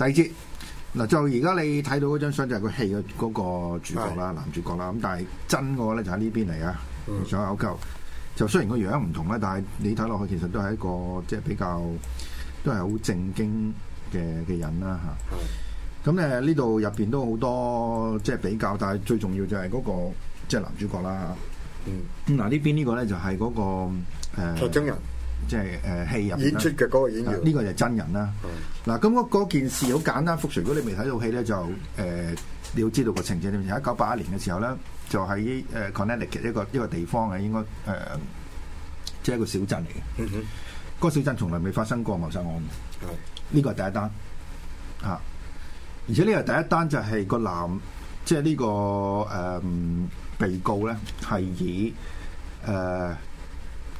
第二節。嗱，就而家你睇到嗰張相就係個戲嘅嗰個主角啦，的男主角啦。咁但係真嘅咧就喺呢邊嚟啊，相有、嗯、就雖然個樣唔同啦，但係你睇落去其實都係一個即係、就是、比較都係好正經嘅嘅人啦嚇。咁咧呢度入邊都好多即係、就是、比較，但係最重要就係嗰、那個即係、就是、男主角啦嚇。嗯，嗱呢邊呢個咧就係嗰、那個誒。呃即係誒戲入邊演出嘅嗰個演員，呢、啊、個就真人啦、啊。嗱的，咁嗰、啊、件事好簡單。復述， 如果你未睇套戲咧，就誒、呃、你要知道個情節點。就一九八一年嘅時候咧，就喺誒、呃、Connecticut 一個一個地方嘅，應該誒即係一個小鎮嚟嘅。嗯哼個小鎮從來未發生過謀殺案，呢個係第一單。嚇、啊！而且呢個第一單就係個男，即係呢個誒、呃、被告咧，係以誒。呃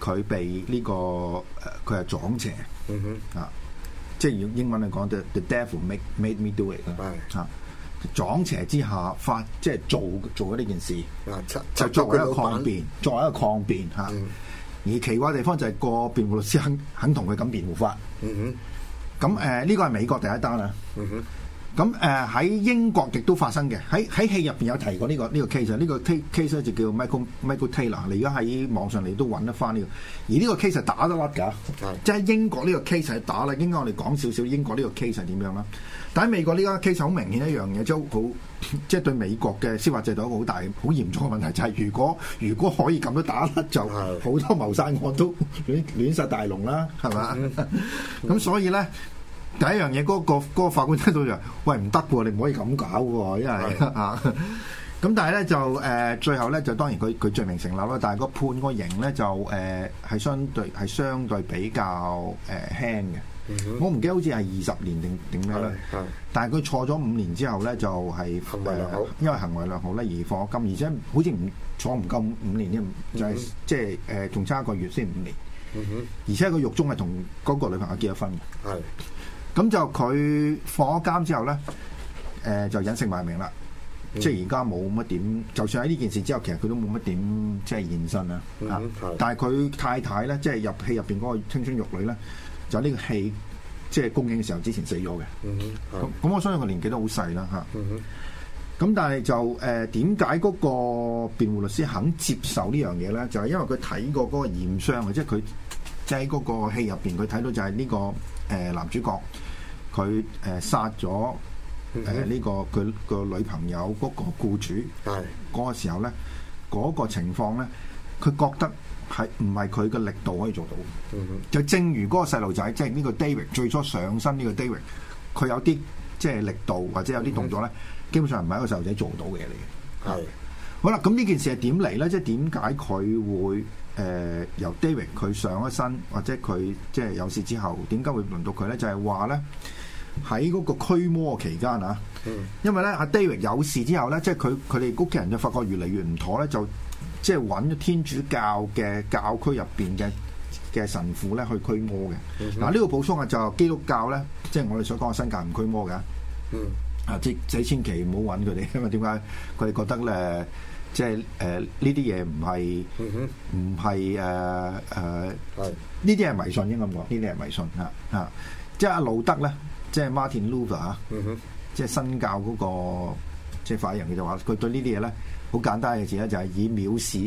佢被呢、呢個誒，佢、呃、係撞邪、mm hmm. 啊！即係用英文嚟講，就 the, the Devil made made me do it 啊，mm hmm. 啊！撞邪之下發，發即係做做咗呢件事，mm hmm. 就作為一個抗辯，mm hmm. 作為一個抗辯嚇、啊。而奇怪嘅地方就係個辯護律師肯肯同佢咁辯護法。嗯哼、mm，咁誒呢個係美國第一單啊！嗯哼、mm。Hmm. 咁誒喺英國亦都發生嘅，喺喺戲入邊有提過呢、這個呢、這個 case，呢個 case 咧就叫 Michael Michael Taylor，你而家喺網上你都揾得翻呢個，而呢個 case 實打得甩㗎，即係、嗯、英國呢個 case 實打啦。應該我哋講少少英國呢個 case 係點樣啦？但喺美國呢個 case 好明顯一樣嘢，即係好即係對美國嘅司法制度一個好大好嚴重嘅問題，就係、是、如果如果可以咁樣打甩就好多謀殺案都亂亂曬大龍啦，係咪？咁、嗯、 所以咧。第一樣嘢，嗰、嗰個嗰個法官聽到就話，喂，唔得喎，你唔可以咁搞喎，因為……是的 」咁但係咧就、呃、最後咧就當然佢佢罪名成立啦，但係個判個刑咧就係、呃、相對係相對比較輕嘅。嗯、哼 我唔記得好似係二十年定定咩？係。但係佢坐咗五年之後咧，就係、是、是的 因為行為良好咧而放咗金，而且好似唔坐唔夠五年添，就係即係仲差一個月先五年。嗯、哼 而且佢獄中係同嗰個女朋友結咗婚嘅。係。咁就佢放咗監之後咧，誒、呃、就隱姓埋名啦，嗯、即係而家冇乜點。就算喺呢件事之後，其實佢都冇乜點即係現身啦。但係佢太太咧，即、就、係、是、入戲入邊嗰個青春玉女咧，就呢個戲即係公映嘅時候之前死咗嘅。咁、嗯、我相信年紀、啊嗯呃、個年紀都好細啦吓。咁但係就誒，點解嗰個辯護律師肯接受呢樣嘢咧？就係、是、因為佢睇過嗰個驗傷即係佢即係喺嗰個戲入邊，佢睇到就係呢、這個。誒男主角佢誒殺咗誒呢個佢個女朋友嗰個僱主。嗰個時候咧，嗰個情況咧，佢覺得係唔係佢嘅力度可以做到嘅？就正如嗰個細路仔，即係呢個 David 最初上身呢個 David，佢有啲即係力度或者有啲動作咧，基本上唔係一個細路仔做到嘅嘢嚟嘅。係，好啦，咁呢件事係點嚟咧？即係點解佢會？誒、呃、由 David 佢上咗身或者佢即係有事之後，點解會輪到佢咧？就係話咧，喺嗰個驅魔期間啊，嗯、因為咧阿 David 有事之後咧，即係佢佢哋屋企人就發覺越嚟越唔妥咧，就即係揾咗天主教嘅教區入邊嘅嘅神父咧去驅魔嘅。嗱呢、嗯嗯啊呢個補充啊，就基督教咧，即係我哋所講嘅新教唔驅魔嘅。嗯、啊，即係千祈唔好揾佢哋，因為點解佢哋覺得咧？即係誒，呢啲嘢唔係唔係誒誒，呢啲係迷信，應該咁講，呢啲係迷信啊啊！即係阿路德咧，即係 Martin Luther 嚇，即係新教嗰個即係法人，佢就話佢對呢啲嘢咧，好簡單嘅事咧，就係以藐視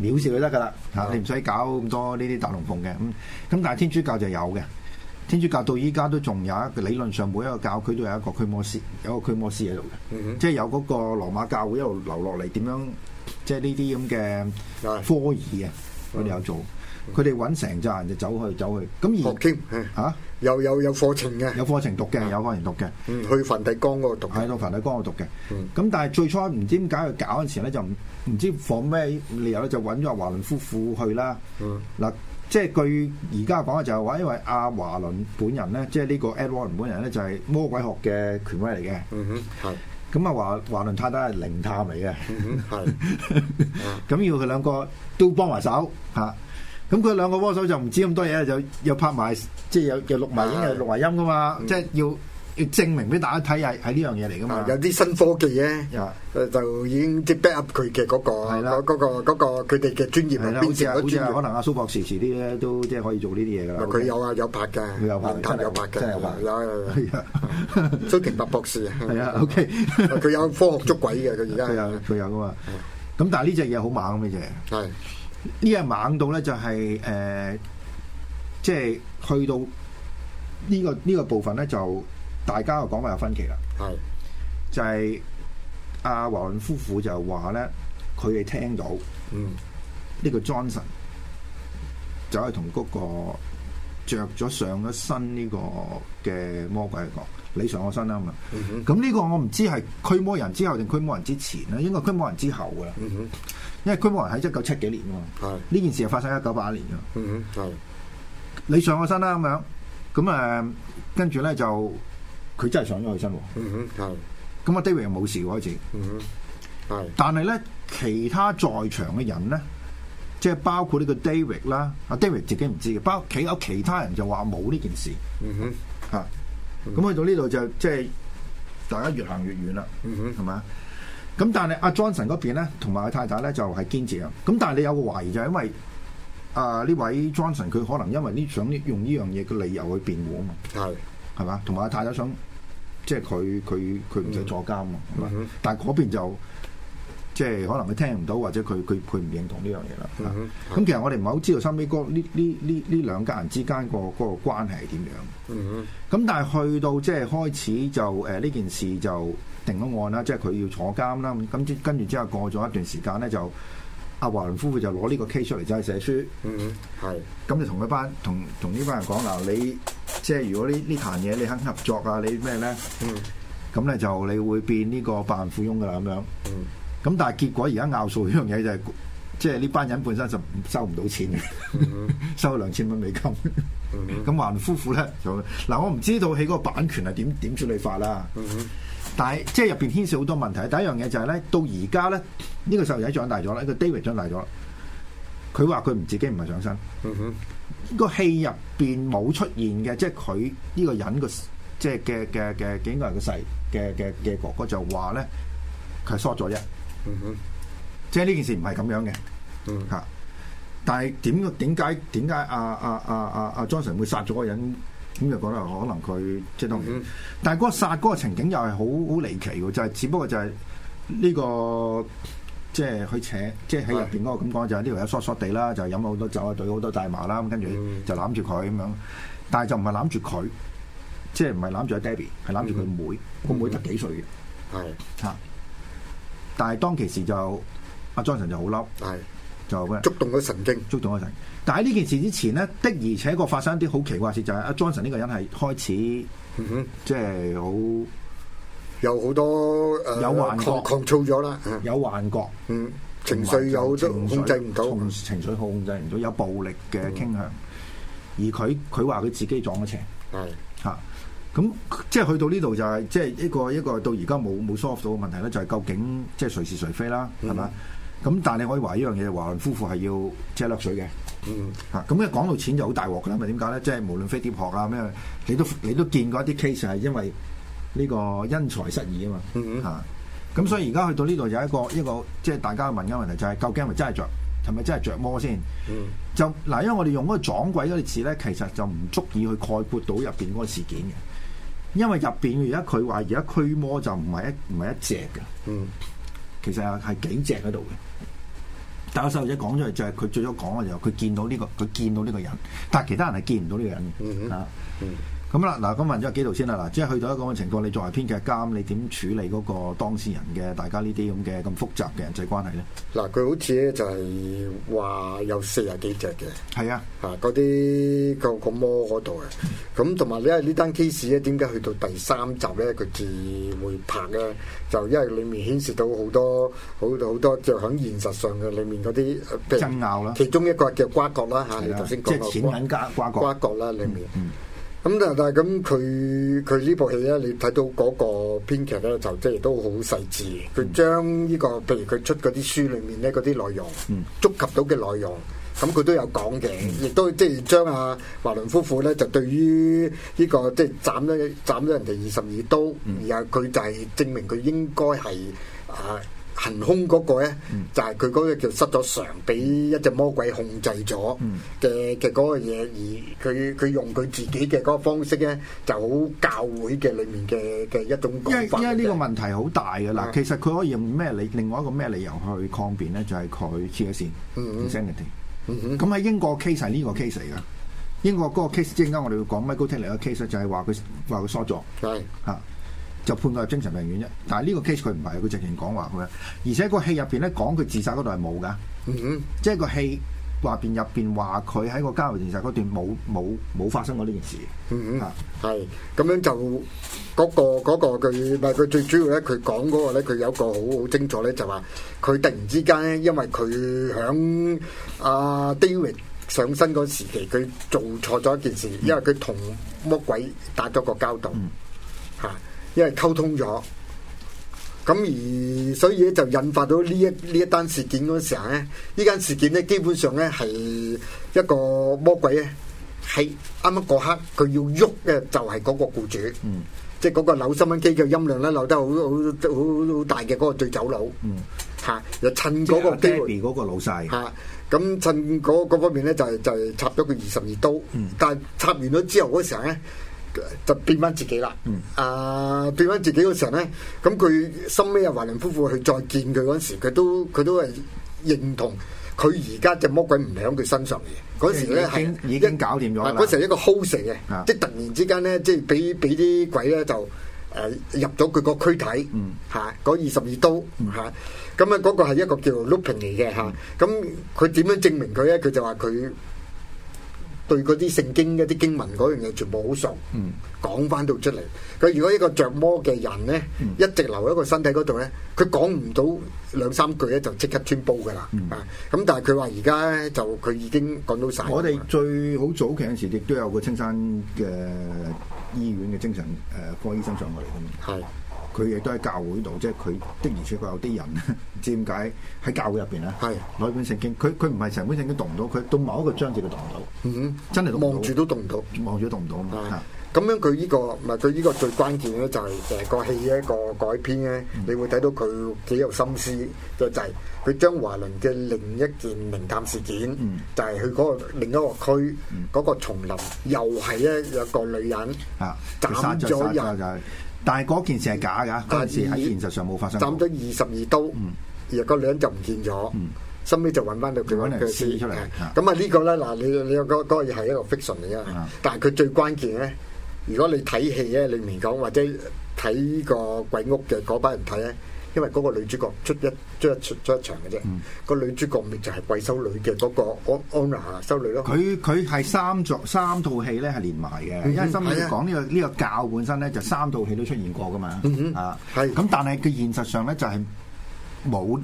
藐視佢得噶啦嚇，啊嗯、你唔使搞咁多呢啲大龍鳳嘅咁咁，但係天主教就有嘅。天主教到依家都仲有一個理論上每一個教區都有一個驅魔師，有一個驅魔師喺度嘅，即係有嗰個羅馬教會一路流落嚟，點樣即係呢啲咁嘅科爾啊，佢哋有做，佢哋揾成拃人就走去走去。咁而啊，又有有課程嘅，有課程讀嘅，有課程讀嘅，去梵蒂岡嗰度讀，喺度梵蒂岡度讀嘅。咁但係最初唔知點解佢搞嗰陣時咧，就唔知放咩理由咧，就揾咗華倫夫婦去啦。嗱。即係據而家講嘅就係話，因為阿華倫本人咧，即係呢個 Ed Warren 本人咧，就係魔鬼學嘅權威嚟嘅。嗯哼，係。咁啊，華華倫太太係靈探嚟嘅。嗯哼，係。咁要佢兩個都幫埋手嚇，咁佢兩個握手就唔知咁多嘢，就又拍埋，即係又又錄埋影又錄埋音噶嘛，即係要。要證明俾大家睇係係呢樣嘢嚟噶嘛？有啲新科技咧，就已經即 back up 佢嘅嗰個嗰嗰個嗰個佢哋嘅專業係變成咗專業。可能阿蘇博士遲啲咧都即係可以做呢啲嘢噶啦。佢有啊，有拍嘅，有拍，有拍嘅，有拍。蘇庭柏博士係啊，OK，佢有科學捉鬼嘅，佢而家佢有佢有噶嘛？咁但係呢隻嘢好猛嘅嘢係呢，係猛到咧就係誒，即係去到呢個呢個部分咧就。大家嘅講法有分歧啦，係就係阿、啊、華倫夫婦就話咧，佢哋聽到，嗯，呢個 Johnson 走去同嗰個著咗上咗身呢個嘅魔鬼講，你上咗身啦咁啊，咁呢個我唔知係驅魔人之後定驅魔人之前咧，應該驅魔人之後噶啦，因為驅魔人喺一九七幾年喎，係呢件事又發生一九八一年咁，嗯，係你上咗身啦咁樣那、啊，咁誒跟住咧就。佢真係上咗佢身，係咁阿 David 又冇事喎，開始，但係咧，其他在場嘅人咧，即係包括呢個 David 啦，阿 David 自己唔知嘅，包括有其他人就話冇呢件事，嗯，咁去到呢度就即係大家越行越遠啦，嗯哼，係咪？咁但係阿 Johnson 嗰邊咧，同埋阿太太咧就係堅持啊。咁但係你有個懷疑就係因為啊呢位 Johnson 佢可能因為呢想用呢樣嘢嘅理由去辯護啊嘛，係係嘛，同埋阿太太想。即係佢佢佢唔使坐監嘛，mm hmm。但係嗰邊就即係可能佢聽唔到，或者佢佢佢唔認同呢樣嘢啦。咁、mm hmm。其實我哋唔係好知道收尾哥呢呢呢呢兩家人之間個嗰、嗰個關係係點樣。咁、mm hmm。但係去到即係開始就誒呢、呃、件事就定咗案啦，即係佢要坐監啦。咁跟住之後過咗一段時間咧就。阿華倫夫婦就攞呢個 case 出嚟就係寫書，嗯，嗯，係，咁就同一班同同呢班人講嗱，你即係如果呢呢壇嘢你肯合作啊，你咩咧？嗯，咁咧就你會變呢個百萬富翁噶啦，咁樣，嗯，咁但係結果而家拗數呢樣嘢就係、是，即係呢班人本身就收唔到錢嘅、嗯嗯，收兩千蚊美金，咁華倫夫婦咧就，嗱我唔知道佢嗰個版權係點點處理法啦，嗯，嗯。但係即係入邊牽涉好多問題。第一樣嘢就係、是、咧，到而家咧呢、呢個細路仔長大咗啦，呢個 David 長大咗啦，佢話佢唔自己唔係上身。嗯、哼，呢個戲入邊冇出現嘅，即係佢呢個人個即係嘅嘅嘅警個人嘅細嘅嘅嘅哥哥就話咧佢係 short 咗啫。嗯、哼，即係呢件事唔係咁樣嘅。嗯哼，吓，但係點點解點解阿阿阿阿阿 Johnson 會殺咗個人？咁就覺得可能佢即係當時，嗯、但係嗰個殺嗰個情景又係好好離奇嘅，就係、是、只不過就係呢、呢個即係佢扯，即係喺入邊嗰個感覺就係呢位阿疏索地啦，就飲咗好多酒啊，攰好多大麻啦，咁跟住就攬住佢咁樣，但係就唔係攬住佢，即係唔係攬住阿 Debbie，係攬住佢妹，個、嗯、妹得幾歲嘅？係嚇，但係當其時就阿 Johnson 就好嬲。就觸動咗神經，觸動咗神經。但喺呢件事之前呢，的而且確發生一啲好奇怪事，就係阿 Johnson 呢個人係開始，嗯嗯即係好有好多、uh, 狂了有幻覺、狂躁咗啦，有幻覺，嗯，情緒有情緒控制唔到，情緒好控制唔到，有暴力嘅傾向。嗯、而佢佢話佢自己撞咗邪，係嚇、嗯。咁、啊、即係去到呢度就係、是、即係一個一個到而家冇冇 solve 到嘅問題咧，就係、是、究竟即係誰是誰非啦，係嘛、嗯？咁但係你可以話呢樣嘢華倫夫婦係要即係掠水嘅，嗯、mm，嚇咁一講到錢就好大鑊㗎啦，咁點解咧？即係無論飛碟學啊咩，你都你都見過一啲 case 係因為呢個因財失義、mm hmm. 啊嘛，咁所以而家去到呢度有一個一個即係、就是、大家問嘅問題就係究竟係咪真係著係咪真係著魔先？Mm hmm. 就嗱，因為我哋用嗰個撞鬼嗰啲字咧，其實就唔足以去概括到入面嗰個事件嘅，因為入面，而家佢話而家驅魔就唔係一唔係一隻嘅，嗯、mm。Hmm. 其實係幾隻喺度嘅，但係細路仔講出嚟就係佢最咗講嘅時候，佢見到呢、呢個佢見到呢個人，但係其他人係見唔到呢個人嘅、嗯嗯、啊。咁啦，嗱，咁問咗幾度先啦，嗱，即係去到一個情況，你作為編劇監，你點處理嗰個當事人嘅大家呢啲咁嘅咁複雜嘅人際關係咧？嗱，佢好似咧就係話有四十幾隻嘅，係是啊，嗰啲個個魔嗰度啊。咁同埋呢單 case 咧，點解，去到第三集咧，佢至會拍呢，就因為裏面顯示到好多好多好多，就喺現實上嘅裏面嗰啲爭拗啦，其中一個叫瓜葛啦嚇，你頭先講即係錢銀瓜葛啦，裡面。嗯嗯咁、嗯、但係咁佢佢呢部戲咧，你睇到嗰個編劇咧，就即係都好細致。佢將呢個，譬如佢出嗰啲書裏面咧，嗰啲內容，觸、嗯、及到嘅內容，咁佢都有講嘅，亦、嗯、都即係將阿華倫夫婦咧，就對於呢、呢個即係斬咗斬咗人哋二十二刀，然後佢就係證明佢應該係啊。行兇嗰個咧，就係佢嗰個叫失咗常，俾一隻魔鬼控制咗嘅嘅嗰個嘢，而佢佢用佢自己嘅嗰個方式咧，就好教會嘅裡面嘅嘅一種講法。因為因為呢個問題好大㗎啦，其實佢可以用咩理？另外一個咩理由去抗辯咧？就係佢黐咗線，Insanity。咁喺英國的 case 係呢個 case 嚟嘅，英國嗰個 case 即係啱啱我哋要講 Michael Taylor 嘅 case 就係話佢話佢疏咗係吓。就判佢係精神病院啫，但係呢個 case 佢唔係，佢直情講話佢。咁樣，而且個戲入邊咧講佢自殺嗰度係冇噶，嗯、哼即係個戲話片入邊話佢喺個家自殺嗰段冇冇冇發生過呢件事。嗯嗯哼啊，係咁樣，就嗰、嗰個、嗰個佢，係佢最主要咧，佢講嗰個咧，佢有一個好好清楚咧，就話、是、佢突然之間咧，因為佢響阿 David 上身嗰時期，佢做錯咗一件事，嗯、哼因為佢同魔鬼打咗個交道。嗯因為溝通咗，咁而所以咧就引發到呢一呢一單事件嗰時候咧，呢間事件咧基本上咧係一個魔鬼咧，喺啱啱嗰刻佢要喐嘅就係嗰個僱主，嗯、即係嗰個扭收音機嘅音量咧扭得好好好好大嘅嗰個醉酒佬，嚇、嗯啊、又趁嗰個機、啊、個老細嚇，咁、啊、趁嗰、嗰、嗰、個、方面咧就係就係插咗佢二十二刀，嗯、但係插完咗之後嗰時候咧。就變翻自己啦。啊，變翻自己嗰時候咧，咁佢收尾阿華倫夫婦去再見佢嗰時，佢都佢都係認同，佢而家隻魔鬼唔喺佢身上嚟。嗰時咧係已經搞掂咗，嗰時係一個 hold 死嘅，即係突然之間咧，即係俾俾啲鬼咧就誒入咗佢個軀體，吓嗰二十二刀，吓咁啊嗰個係一個叫 looping 嚟嘅吓，咁佢點樣證明佢咧？佢就話佢。對嗰啲聖經一啲經文嗰樣嘢，全部好熟，講翻到出嚟。佢如果一個着魔嘅人咧，嗯、一直留喺個身體嗰度咧，佢講唔到兩三句咧，嗯啊、就即刻穿煲噶啦。咁但係佢話而家咧，就佢已經講到晒。我哋最好早期嗰時，亦都有個青山嘅醫院嘅精神誒、呃、科醫生上過嚟噶嘛。嗯佢亦都喺教會度，即係佢的而且確有啲人，唔知點解喺教會入邊咧。係攞本聖經，佢佢唔係成本聖經讀唔到，佢到某一個章節就讀唔到。嗯哼，真係讀唔到。望住都讀唔到，望住都讀唔到啊嘛。咁樣佢呢、呢個唔係佢呢個最關鍵咧、就係，就係誒個戲嘅一、一個改編咧，你會睇到佢幾有心思、嗯、就係。佢將華倫嘅另一件名探事件，嗯、就係佢嗰個另一個區嗰、嗯、個叢林，又係咧有一個女人啊斬咗人。他殺了殺了殺了。但係嗰件事係假噶件事喺現實上冇發生過的。斬咗二十二刀，嗯、而個女人就唔見咗，收尾、嗯、就揾翻到佢嘅屍出嚟。咁啊呢、嗰個咧嗱，你你嗰嗰嘢係一個 fiction 嚟噶，是但係佢最關鍵咧，如果你睇戲咧，你唔講或者睇個鬼屋嘅嗰班人睇咧。因為嗰個女主角出一出一出一，出一場嘅啫，嗯、個女主角咪就係貴修女嘅嗰、那個安安娜修女咯。佢佢係三、嗯、三套戲咧係連埋嘅。佢而心專門講呢個呢是的 個教本身咧就是、三套戲都出現過噶嘛。嗯、啊，咁是的 但係佢現實上咧就係冇。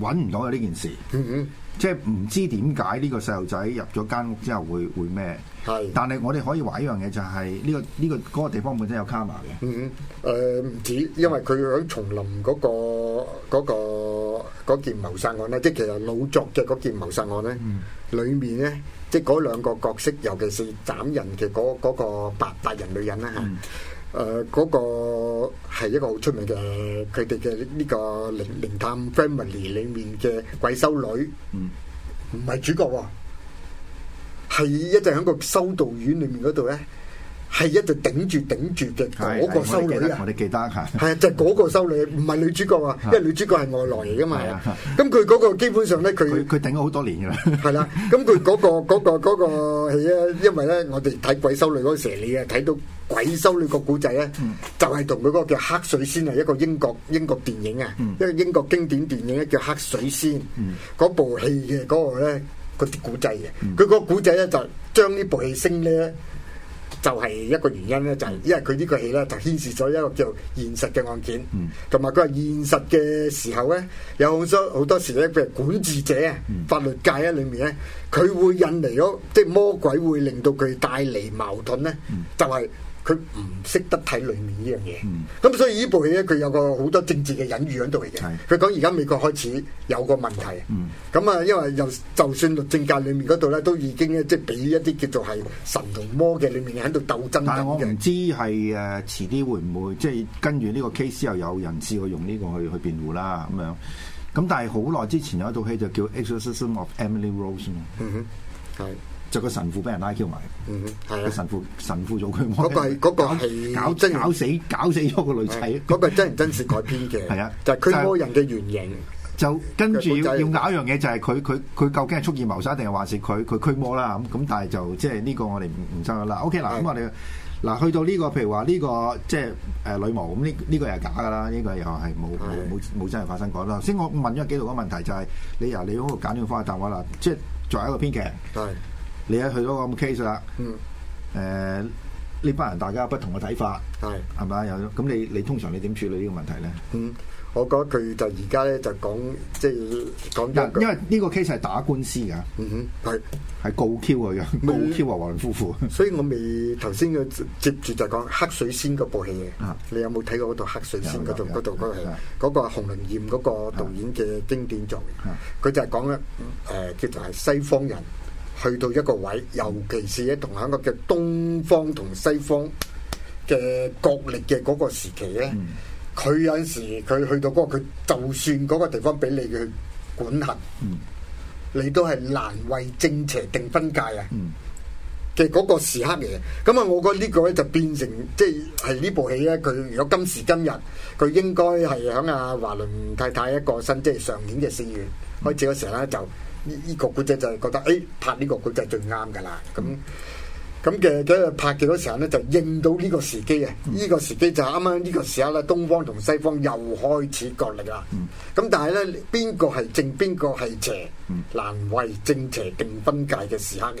揾唔到啊！呢件事，嗯、哼即係唔知點解呢個細路仔入咗間屋之後會會咩？係是，但係我哋可以話一樣嘢就係呢、這個呢、這個嗰、那個、地方本身有卡瑪嘅。嗯嗯，誒、呃、唔止，因為佢喺叢林嗰、那個、那個、那件謀殺案咧，即係其實老作嘅嗰件謀殺案咧，裏、嗯、面咧，即係嗰兩個角色，尤其是斬人嘅嗰、那個那個白白人女人啦、啊、嚇。嗯誒嗰、呃那個係一個好出名嘅，佢哋嘅呢個靈靈探 family 裏面嘅鬼修女，唔係、嗯、主角喎、啊，係一直喺個修道院裏面嗰度咧。係一直頂住頂住嘅嗰個修女啊！我哋記得嚇，係啊，就係嗰個修女，唔係女主角啊，因為女主角係外來嚟噶嘛。係啊。咁佢嗰個基本上咧，佢佢頂咗好多年噶啦。係啦，咁佢嗰個嗰個嗰個戲咧，因為咧，我哋睇鬼修女嗰時你啊睇到鬼修女個古仔咧，就係同佢嗰個叫黑水仙啊，一個英國英國電影啊，一個英國經典電影咧叫黑水仙。嗯。嗰部戲嘅嗰個咧，嗰啲古仔嘅，佢個古仔咧就將呢部戲升咧。就係一個原因咧，就係、是、因為佢呢個戲咧，就牽涉咗一個叫現實嘅案件，同埋佢話現實嘅時候咧，有好多好多時咧，佢係管治者啊，嗯、法律界啊裏面咧，佢會引嚟咗，即、就、係、是、魔鬼會令到佢帶嚟矛盾咧，嗯、就係、是。佢唔識得睇裏面呢樣嘢，咁、嗯、所以呢部戲咧，佢有個好多政治嘅隱喻喺度嚟嘅。佢講而家美國開始有個問題，咁啊、嗯，因為又就算律政界裏面嗰度咧，都已經即係俾一啲叫做係神同魔嘅裡面喺度鬥爭。但係我唔知係誒、啊、遲啲會唔會即係、就是、跟住呢個 case 又有人試過用呢個去去辯護啦咁樣。咁但係好耐之前有一套戲就叫 Exorcism of Emily Rose 嘅，嗯哼，係。就個神父俾人拉 Q 埋，個神父神父做驅魔。嗰個係嗰個係搞真搞死搞死咗個女仔，嗰個真人真事改編嘅。係啊，就驅魔人嘅原型，就跟住要要揀一樣嘢，就係佢佢佢究竟係蓄意謀殺，定係還是佢佢驅魔啦？咁咁，但係就即係呢個我哋唔唔爭噶啦。OK 嗱，咁是的 我哋嗱去到呢個，譬如話呢個即係誒女巫咁呢？呢個又係假噶啦，呢個又係冇冇冇真人發生過啦。頭先是的 我問咗幾度嗰問題，就係你由你嗰個簡短翻嘅答案啦，即係作為一個編劇。你一去到佢嗰個 case 啦，誒呢班人大家不同嘅睇法，係係咪有咁？你你通常你點處理呢個問題咧？嗯，我講得佢就而家咧就講即係講一因為呢個 case 係打官司㗎，嗯，係係告 Q 佢嘅，告 Q 華倫夫婦。所以我未頭先接住就講《黑水仙》嗰部戲嘅，你有冇睇過嗰套《黑水仙》嗰度嗰度嗰個嗰個洪倫賢嗰個導演嘅經典作嘅？佢就係講咧誒，叫做係西方人。去到一個位，尤其是咧同喺個叫東方同西方嘅角力嘅嗰個時期咧，佢、嗯、有陣時佢去到嗰、那個，佢就算嗰個地方俾你去管轄，嗯、你都係難為正邪定分界啊！嘅嗰個時刻嚟，咁啊，我覺得呢個咧就變成即係呢部戲咧，佢如果今時今日，佢應該係喺阿華倫太太一過身，即、就、係、是、上年嘅四月開始嗰時咧就。嗯就呢個古仔就係覺得，哎，拍呢個古仔最啱㗎啦。咁咁嘅喺拍嘅嗰時候咧，就應到呢個時機啊！呢、嗯、個時機就啱啱呢個時候咧，東方同西方又開始角力啦。咁、嗯、但係咧，邊個係正，邊個係邪，嗯、難為正邪定分界嘅時刻嚟。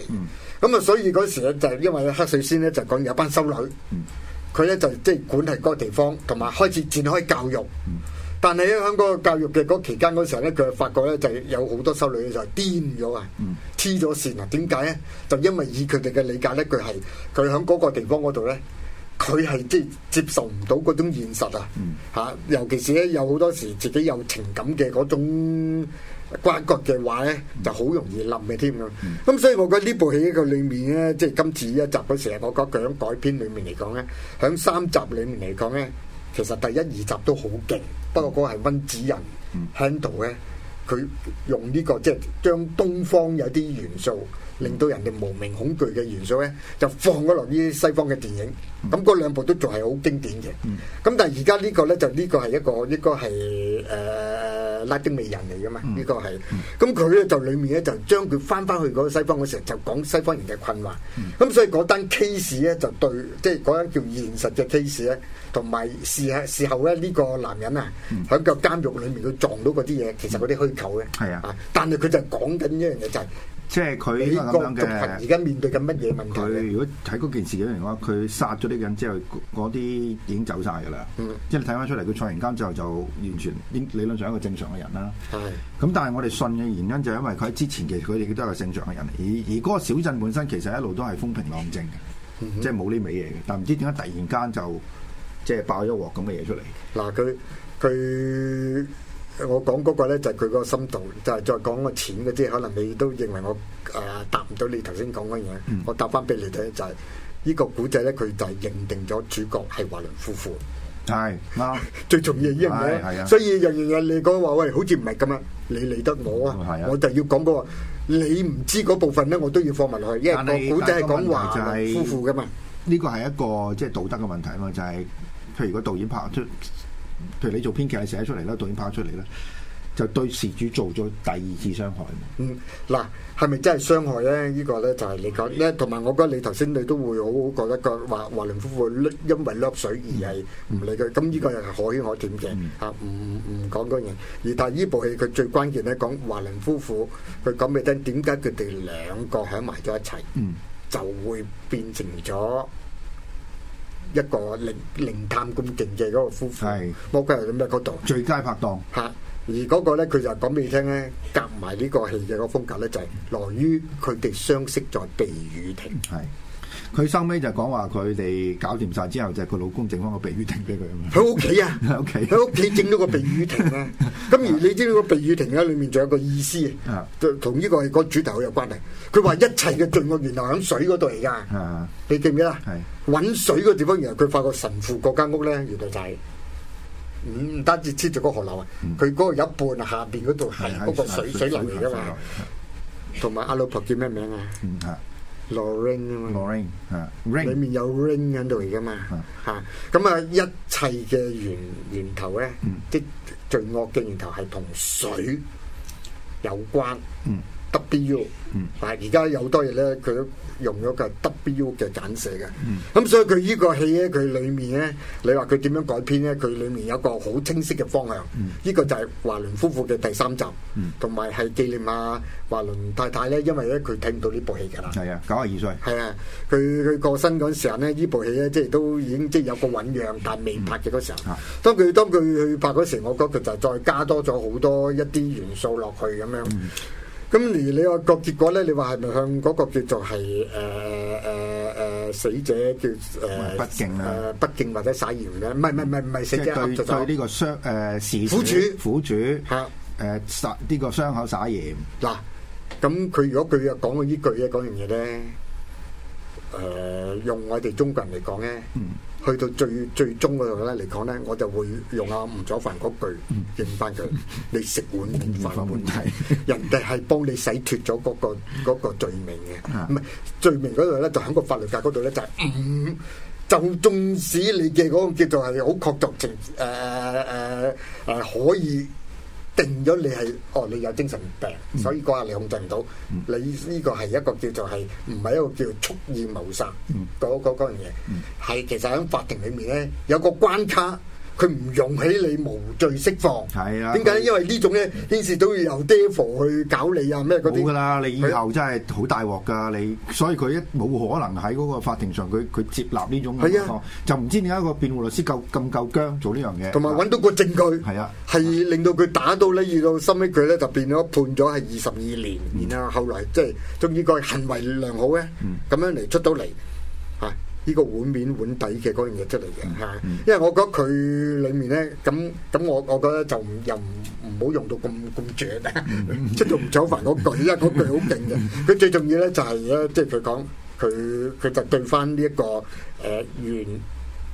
咁啊、嗯，嗯、所以嗰時咧就係、是、因為黑水仙咧就講有班修女，佢咧、嗯、就即係管係嗰個地方，同埋開始展開教育。嗯但係咧，喺嗰個教育嘅期間嗰時候咧，佢係發覺咧，就係、有好多修女就係癲咗啊，黐咗線啊！點解咧？就因為以佢哋嘅理解咧，佢係佢喺嗰個地方嗰度咧，佢係即係接受唔到嗰種現實、嗯、啊！嚇，尤其是咧有好多時自己有情感嘅嗰種關隔嘅話咧，就好容易冧嘅添咁。咁、嗯、所以我覺得呢部戲嘅裏面咧，即、就、係、是、今次一集嗰時候，我覺佢喺改編裏面嚟講咧，喺三集裏面嚟講咧。其實第一二集都好勁，不過嗰個係温子仁喺度咧，佢用呢個即係將東方有啲元素，令到人哋無名恐懼嘅元素咧，就放咗落呢西方嘅電影。咁嗰兩部都仲係好經典嘅。咁但係而家呢個咧，就呢個係一個應該係誒。呢個拉丁美人嚟嘅嘛，呢、嗯、個係，咁佢咧就裡面咧就將佢返返去嗰個西方嗰時候就講西方人嘅困惑，咁、嗯嗯、所以嗰單 case 咧就對，即係嗰樣叫現實嘅 case 咧，同埋事後事後咧呢個男人啊，喺個監獄裏面都撞到嗰啲嘢，其實嗰啲虛構嘅，但係佢就講緊一樣嘢就係。即係佢咁樣嘅，而家面對緊乜嘢問題？佢如果睇嗰件事嘅話，佢殺咗呢個人之後，嗰啲已經走晒㗎喇。嗯，即係你睇翻出嚟，佢坐完監之後就完全理論上一個正常嘅人啦。咁是但係我哋信嘅原因就係因為佢喺之前其實佢哋都係個正常嘅人，而而嗰個小鎮本身其實一路都係風平浪靜嘅，嗯、哼即係冇呢味嘢嘅。但唔知點解突然間就即係爆咗鑊咁嘅嘢出嚟。嗱，佢佢。我講嗰個咧就係佢個深度，就係、是就是、再講個淺嘅啫。可能你都認為我誒、呃、答唔到你頭先講嗰樣。嗯、我答翻俾你睇，就係、是、呢個古仔咧，佢就係認定咗主角係華倫夫婦。係是， 最重要呢樣嘢，所以人人人你講話喂，好似唔係咁啊，你理得我啊？的我就要講、那個你唔知嗰部分咧，我都要放埋落去。是因為個古仔係講華倫夫婦噶嘛。呢個係一個即係、就是就是、道德嘅問題啊嘛，就係、是、譬如如果導演拍出。譬如你做編劇寫出嚟啦，導演拍出嚟啦，就對事主做咗第二次傷害。嗯，嗱，係咪真係傷害咧？呢個咧就係你講咧，同埋我覺得你頭先你都會好好覺得，個華華倫夫婦因為甩水而係唔理佢，咁呢、嗯嗯、個又係可圈可點嘅吓，唔唔講嗰樣。而但係呢部戲佢最關鍵咧，講華倫夫婦佢講俾你聽，點解佢哋兩個喺埋咗一齊，就會變成咗、一個靈靈探咁勁嘅嗰個夫婦，係，我估係咁咩嗰度？最佳拍檔嚇，而嗰個咧，佢就講俾你聽咧，夾埋呢個戲嘅個風格咧，就係來於佢哋相識在避雨亭。係。佢收尾就講話佢哋搞掂晒之後，就係、是、佢老公整翻個避雨亭俾佢啊嘛！喺屋企啊，喺屋企喺屋企整咗個避雨亭啊！咁 而你知道個避雨亭喺裏面仲有個意思啊？ 就同呢個係個主題好有關係。佢話一切嘅罪惡原來喺水嗰度嚟噶。 你記唔記得啊？揾 是 水嘅地方原來佢發覺神父嗰間屋咧，原來就係、是、唔、嗯、單止黐住個河流啊，佢嗰 個一半下邊嗰度係嗰個水 水流嚟噶嘛。同埋 阿老婆叫咩名啊？ 嗯落、uh, ring 啊嘛，裏面有 ring 喺度嚟㗎嘛，吓，咁啊一切嘅源源頭咧，嗯、即罪惡嘅源頭係同水有關。嗯 W，但係而家有多嘢咧，佢都用咗個 W 嘅簡寫嘅。咁、嗯嗯、所以佢呢個戲咧，佢裏面咧，你話佢點樣改編咧？佢裏面有個好清晰嘅方向。呢、嗯、個就係華倫夫婦嘅第三集，同埋係紀念阿華倫太太咧。因為咧，佢睇唔到部戲，呢部戲噶啦。係啊，九十二歲。係啊，佢佢過身嗰陣時咧，呢部戲咧，即係都已經即係有個醞釀，但係未拍嘅嗰時候。嗯啊、當佢當佢去拍嗰時，我覺得就再加多咗好多一啲元素落去咁樣。嗯咁而你話個結果咧？你話係咪向嗰個叫做係誒誒死者叫誒、呃、不敬啊？不、呃、敬或者撒鹽嘅？唔係，唔係，唔係死者，對，對呢個傷誒、呃、時事府主苦主嚇誒殺呢個傷口撒鹽嗱，咁佢如果佢又講過句呢句咧，講樣嘢咧？誒、呃，用我哋中國人嚟講咧，嗯、去到最最終嗰度咧嚟講咧，我就會用阿吳佐凡嗰句認返佢：你食碗飯問題，人哋係幫你洗脱咗嗰個、嗯、個罪名嘅，唔係、嗯、罪名嗰度咧就喺個法律界嗰度咧就唔、是嗯、就縱使你嘅嗰個叫做係好確鑿情誒誒誒可以。定咗你係哦，你有精神病，嗯、所以嗰刻你控制唔到，你呢個係一個叫做係唔係一個叫蓄意謀殺嗰嗰嗰樣嘢，係其實喺法庭裏面咧有個關卡。佢唔容許你無罪釋放，係啊？點解他 因為呢種咧，牽涉到由爹 e 去搞你啊，咩嗰啲好噶啦！你以後真係好大鑊噶你，所以佢一冇可能喺嗰個法庭上佢佢接納呢種係呀，啊、就唔知點解個辯護律師咁夠，夠僵做呢樣嘢，同埋揾到個證據係啊，係、啊、令到佢打到呢，遇到深屘佢咧就變咗判咗係二十二年，嗯、然後後來即係終於個行為良好咧，咁、嗯、樣嚟出到嚟。呢個碗面碗底嘅嗰樣嘢出嚟嘅嚇，因為我覺得佢裡面咧咁咁，我我覺得就又唔唔好用到咁咁絕啊！即係用草凡嗰句啊，嗰句好勁嘅。佢最重要咧就係咧，即係佢講佢佢就對返呢一個誒原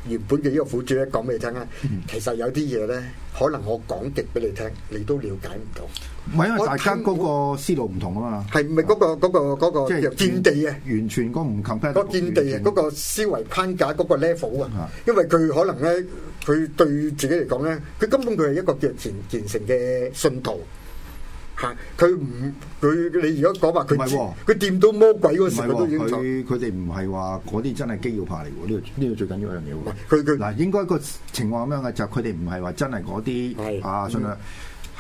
原本嘅呢個苦主咧講俾你聽啊。其實有啲嘢咧，可能我講極俾你聽，你都瞭解唔到，唔係因為大家嗰個思路唔同啊嘛，係唔係嗰個嗰個嗰個叫見地啊？完全嗰唔 compare 得，個見地啊，嗰個思維框架嗰個 level 啊。因為佢可能咧，佢對自己嚟講咧，佢根本佢係一個極虔虔誠嘅信徒嚇。佢唔佢你而家講話佢唔係喎，佢掂到魔鬼嗰時候佢都已經受。佢佢哋唔係話嗰啲真係基要派嚟㗎。呢個呢個最緊要一樣嘢喎。佢佢嗱應該個情況咁樣嘅就佢哋唔係話真係嗰啲係啊，信仰。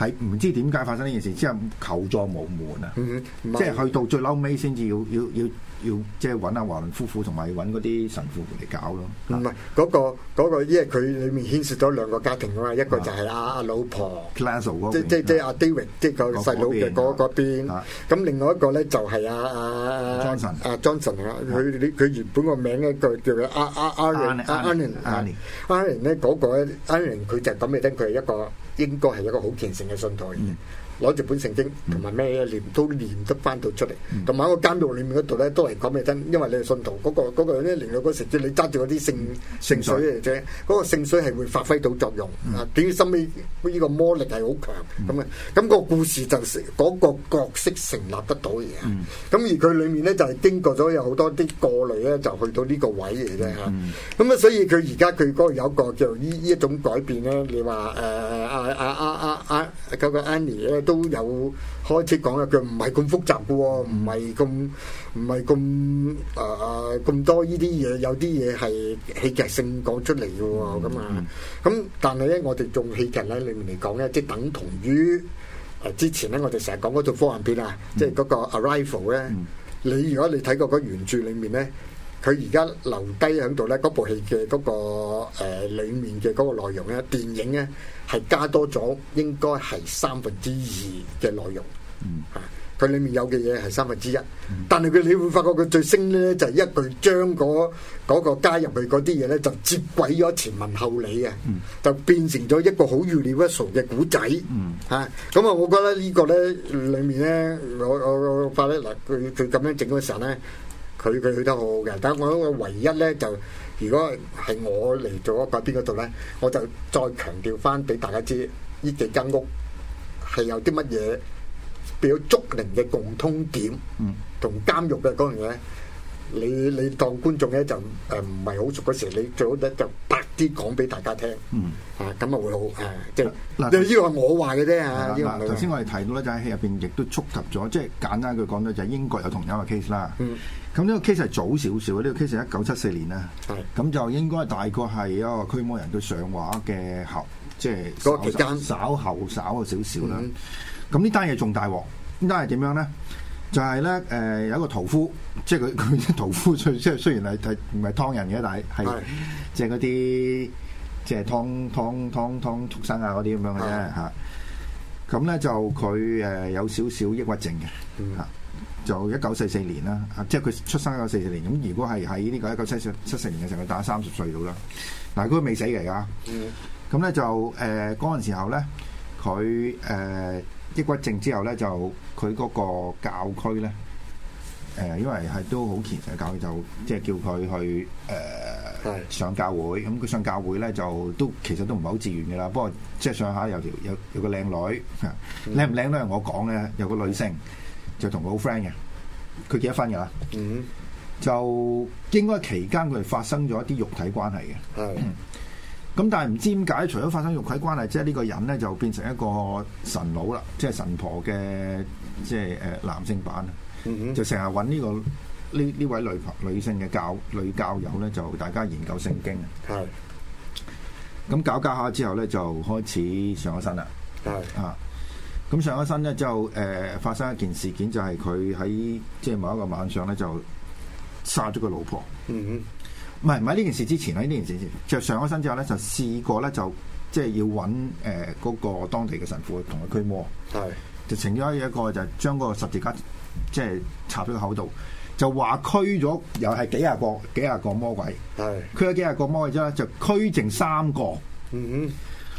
係唔知點解發生呢件事，之後求助無門啊！即係去到最嬲尾先至要要要要，即係揾阿華倫夫婦同埋揾嗰啲神父嚟搞咯。唔係嗰個嗰個，因為佢裡面牽涉咗兩個家庭啊嘛，一個就係阿老婆，即即即阿 David 即個細佬嘅嗰邊。咁另外一個咧就係阿阿阿阿 Johnson 佢佢原本個名咧叫叫阿阿阿 Arne 阿阿 Arne 阿 Arne 咧嗰個咧阿 Arne 佢就咁嚟聽，佢係一個。應該係一個好虔誠嘅信徒。嗯攞住本聖經，同埋咩念都念得翻到出嚟，同埋喺個監獄裏面嗰度咧都係講咩真？嗯、因為你係信徒，嗰、那個嗰、那個咧，另外嗰時即係你揸住嗰啲聖、嗯嗯、聖水嚟啫，嗰、那個聖水係會發揮到作用。嗯、啊，點知心尾呢個魔力係好強咁啊？咁、嗯那個故事就嗰個角色成立得到嘅嘢啊！咁、嗯、而佢裏面咧就係、是、經過咗有好多啲過濾咧，就去到呢個位嚟啫嚇。咁啊，嗯嗯、所以佢而家佢嗰個有一個叫呢呢一,一種改變咧。你話誒、呃、啊啊啊啊啊嗰、那個 Annie 咧。.都有開始講啦，佢唔係咁複雜嘅喎，哦，唔係咁唔係咁誒誒咁多呢啲嘢，有啲嘢係戲劇性講出嚟嘅喎，咁啊咁，但係咧，我哋用戲劇咧裡面嚟講咧，即係等同於誒、呃、之前咧，我哋成日講嗰套科幻片啊，嗯、即係嗰個 Arrival 咧，嗯、你如果你睇過嗰原著裡面咧，佢而家留低喺度咧，嗰部戲嘅嗰、嗰個誒、呃、裡面嘅嗰個內容咧，電影咧。係加多咗，應該係三分之二嘅內容。嗯，啊，佢裏面有嘅嘢係三分之一，嗯，但係佢你會發覺佢最新咧就係、是、一句將嗰、嗰個嗰個加入去嗰啲嘢咧就接軌咗前文後理啊，嗯、就變成咗一個好 universal 嘅古仔。嗯，啊，咁啊，我覺得個呢個咧裏面咧，我我我發咧嗱，佢佢咁樣整嘅時候咧，佢佢去得好好嘅，但係我我唯一咧就。如果係我嚟做一個邊嗰度咧，我就再強調翻俾大家知，呢幾間屋係有啲乜嘢，比咗足寧嘅共通點，同監獄嘅嗰樣嘢。你你當觀眾咧就誒唔係好熟嗰時，你最好咧就白啲講俾大家聽，啊咁啊會好啊，即係呢個係我話嘅啫。頭先我哋提到咧就喺戲入邊亦都觸及咗，即係簡單佢講到，就係英國有同樣嘅 case 啦。咁呢個 case 係早少少，呢個 case 係一九七四年啦。咁就應該大概係一個驅魔人佢上畫嘅後，即係期間稍後稍嘅少少啦。咁呢單嘢仲大鑊，呢單係點樣咧？就係咧，誒、呃、有一個屠夫，即係佢佢屠夫，即雖雖然係係唔係劏人嘅，但係係的即係嗰啲即係劏劏劏劏畜生啊嗰啲咁樣嘅啫嚇。咁咧的的、嗯、就佢誒有少少抑鬱症嘅嚇。的就一九四四年啦，即係佢出生有四四年。咁如果係喺呢個一九七四年嘅時候他，佢打三十歲到啦。嗱的，佢未死嚟噶。咁咧就誒嗰陣時候咧，佢誒。呃抑鬱症之後咧，就佢嗰個教區咧，誒、呃，因為係都好虔誠嘅教區，就即係叫佢去誒、呃、是的 上教會。咁、嗯、佢上教會咧，就都其實都唔係好自願嘅啦。不過即係、就是、上下有條有有個靚女，靚唔靚都係我講嘅。有個女性就同佢好 friend 嘅，佢結咗婚㗎啦。嗯，就,嗯嗯就應該期間佢哋發生咗一啲肉體關係嘅。是的 嗯咁但係唔知點解，除咗發生肉體關係，即係呢個人呢就變成一個神佬啦，即係神婆嘅，即係誒男性版，嗯、哼就成日搵呢個呢呢位女女性嘅教女教友呢，就大家研究聖經。係的，咁搞搞下之後呢，就開始上咗身啦。係的啊，咁上咗身呢之後，誒、呃、發生一件事件，就係佢喺即係某一個晚上呢，就殺咗個老婆。嗯哼。唔係，唔係，喺呢件事之前，喺呢件事之前，就上咗身之後咧，就試過咧，就即係要揾誒嗰個當地嘅神父同佢驅魔，是就成咗一個就將嗰個十字架即係插咗個口度，就話驅咗又係幾廿個幾廿個魔鬼，是驅咗幾廿個魔鬼之後咧，就驅剩三個。嗯哼，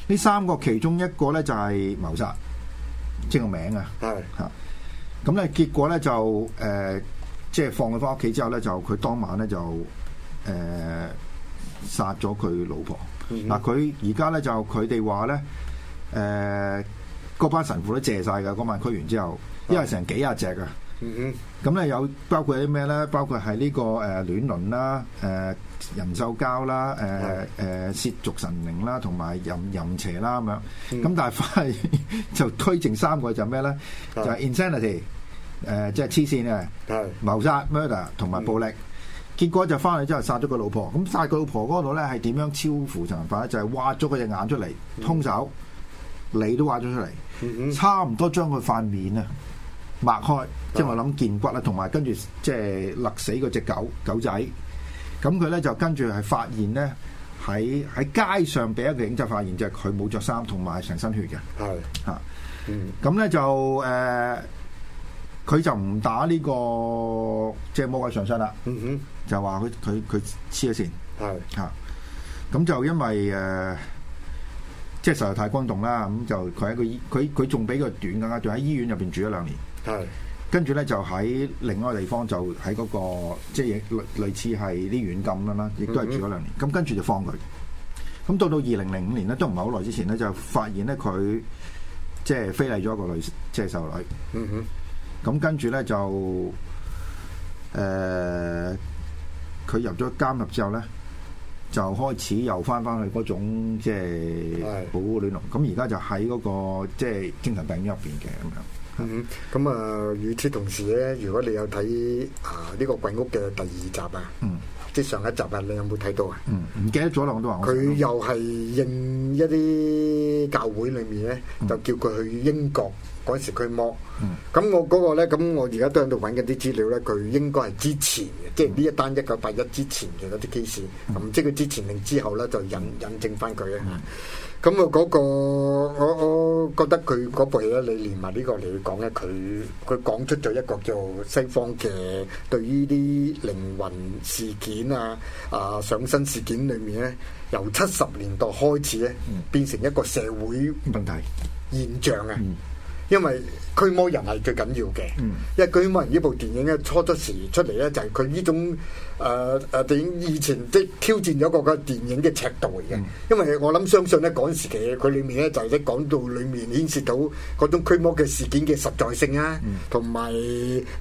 呢三個其中一個咧就係謀殺，即係個名啊！係嚇是，咁咧、啊、結果咧就誒、呃，即係放佢翻屋企之後咧，就佢當晚咧就。誒，殺咗佢老婆。嗱、嗯嗯啊，佢而家咧就佢哋話咧，誒、呃，嗰班神父都借晒噶，嗰晚區完之後，因為成幾廿隻噶。咁咧、嗯嗯、有包括啲咩咧？包括係呢個誒亂倫啦，誒、呃、人獸交啦，誒誒褻瀆神靈啦，同埋淫淫邪啦咁樣。咁、嗯、但係翻嚟就推剩三個就咩咧、嗯呃？就 insanity，誒即係黐線啊！謀殺、嗯、murder 同埋暴力。嗯結果就翻嚟之後殺咗個老婆，咁殺個老婆嗰度咧係點樣超乎常法咧？就係、是、挖咗佢隻眼出嚟，凶手脷都挖咗出嚟，嗯嗯差唔多將佢塊面啊擘開，即係、嗯嗯、我諗見骨啦，同埋跟住即係勒死嗰隻狗狗仔。咁佢咧就跟住係發現咧喺喺街上俾一個警察發現，就佢冇着衫，同埋成身血嘅。係吓、嗯嗯啊，咁咧就誒，佢、呃、就唔打呢、這個即係魔鬼上身啦。嗯哼、嗯。就話佢佢佢黐咗線，係吓，咁就因為誒、呃，即係實在太轟動啦，咁就佢喺個醫，佢佢仲比佢短噶，仲喺醫院入邊住咗兩年，係是跟住咧就喺另外一個地方就喺嗰、那個即係類，類似係啲院咁樣啦，亦都係住咗兩年，咁、嗯嗯、跟住就放佢。咁到到二零零五年咧，都唔係好耐之前咧，就發現咧佢即係非禮咗一個女，即係細路女，咁、嗯嗯、跟住咧就誒。呃佢入咗監獄之後咧，就開始又返返去嗰種即係保護咯。咁而家就喺、是、嗰是、那個即係、就是、精神病院入面嘅咁樣、嗯。咁、嗯、啊、嗯，與此同時咧，如果你有睇啊呢個鬼屋嘅第二集啊，嗯、即上一集啊，你有冇睇到啊？唔、嗯、記得咗咯，我都話佢又係認一啲教會裏面咧，就叫佢去英國。嗯，英國嗰時佢摸，咁我嗰個咧，咁我而家都喺度揾緊啲資料呢，佢應該係、就是、之前即係呢一單一九八一之前嘅嗰啲 case，唔知佢之前定之後呢，就引引證翻佢咧嚇。咁啊、嗯，嗰、嗰個我我覺得佢嗰部戲咧，你連埋呢個嚟講咧，佢佢講出咗一個叫做西方嘅對於啲靈魂事件啊啊上身事件裏面呢，由七十年代開始呢，變成一個社會、啊、問題現象嘅。嗯。因為驅魔人係最緊要嘅，因為驅魔人呢部電影咧初初時出嚟咧，就係佢呢種誒誒電影以前即挑戰咗個個電影嘅尺度嚟嘅。因為我諗相信咧，嗰時期佢裏面咧就係講到裏面顯示到嗰種驅魔嘅事件嘅實在性啊，同埋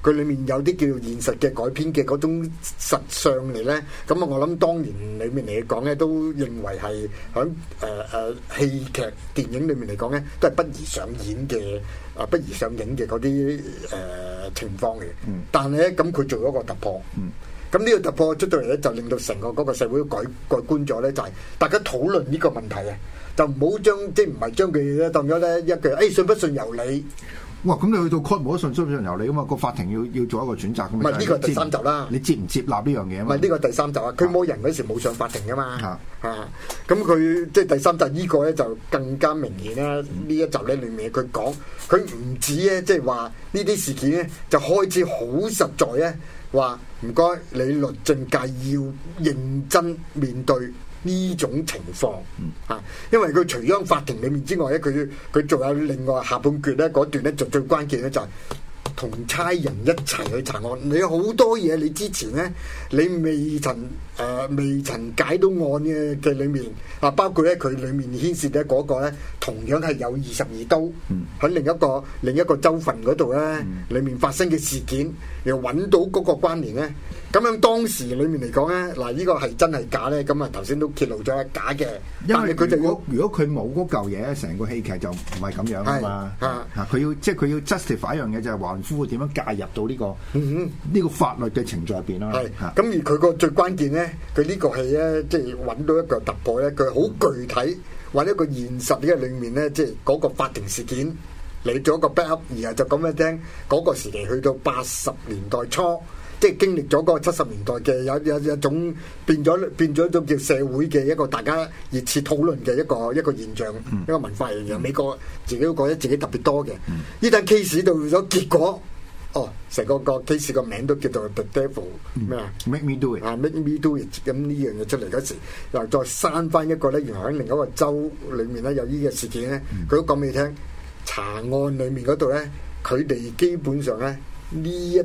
佢裏面有啲叫做現實嘅改編嘅嗰種實相嚟咧。咁啊，我諗當年裏面嚟講咧，都認為係響誒誒戲劇電影裏面嚟講咧，都係不宜上演嘅。啊，不如上映嘅嗰啲誒情況嘅，嗯、但係咧，咁佢做咗個突破，咁呢、嗯、個突破出到嚟咧，就令到成個嗰個社會改改觀咗咧，就係、是、大家討論呢個問題啊，就唔好將即係唔係將佢咧，當咗咧一句，誒、哎、信不信由你。哇！咁你去到 court 信唔信由你吖嘛。那個法庭要要做一個選擇咁啊，唔係呢個第三集啦，你接唔接納呢樣嘢啊？唔係呢個第三集啊，佢冇人嗰時冇上法庭噶嘛？啊，咁佢、啊、即係第三集呢個咧就更加明顯啦。呢、嗯、一集咧裡面佢講，佢唔止咧即係話呢啲事件咧就開始好實在咧，話唔該你律政界要認真面對。呢種情況，啊，因為佢除咗喺法庭裏面之外咧，佢佢仲有另外下半段呢，嗰段咧就最、最關鍵咧，就係同差人一齊去查案。你好多嘢，你之前咧，你未曾誒、啊、未曾解到案嘅嘅裏面啊，包括咧佢裏面牽涉嘅嗰個呢，同樣係有二十二刀喺另一個另一個州份嗰度呢裏、嗯、面發生嘅事件，又揾到嗰個關聯咧。咁樣當時裏面嚟講咧，嗱呢個係真係假咧？咁啊，頭先都揭露咗係假嘅，因為，但係佢就要，如果佢冇嗰嚿嘢，成個戲劇就唔係咁樣啊嘛啊！佢要即係佢要 justify 一樣嘢，就係、是、還、就是、夫點樣介入到呢、這個呢、嗯、哼個法律嘅程序入邊啦。係咁是是而佢個最關鍵咧，佢呢個戲咧，即係揾到一個突破咧，佢好具體，揾一個現實嘅裏面咧，即係嗰個法庭事件你做一個 backup，然後就咁樣聽嗰、那個時期去到八十年代初。即係經歷咗個七十年代嘅有有有種變咗變咗一種叫社會嘅一個大家熱切討論嘅一個一個現象，一個文化現象。美國自己都覺得自己特別多嘅。呢單 case 到咗結果，哦，成個個 case 個名都叫做《The Devil 咩啊》，《make me do it》啊，《make me do it》咁呢樣嘢出嚟嗰時，又再刪翻一個咧，原來喺另一個州裡面咧有呢個事件咧，佢都講俾你聽，查案裡面嗰度咧，佢哋基本上咧呢一。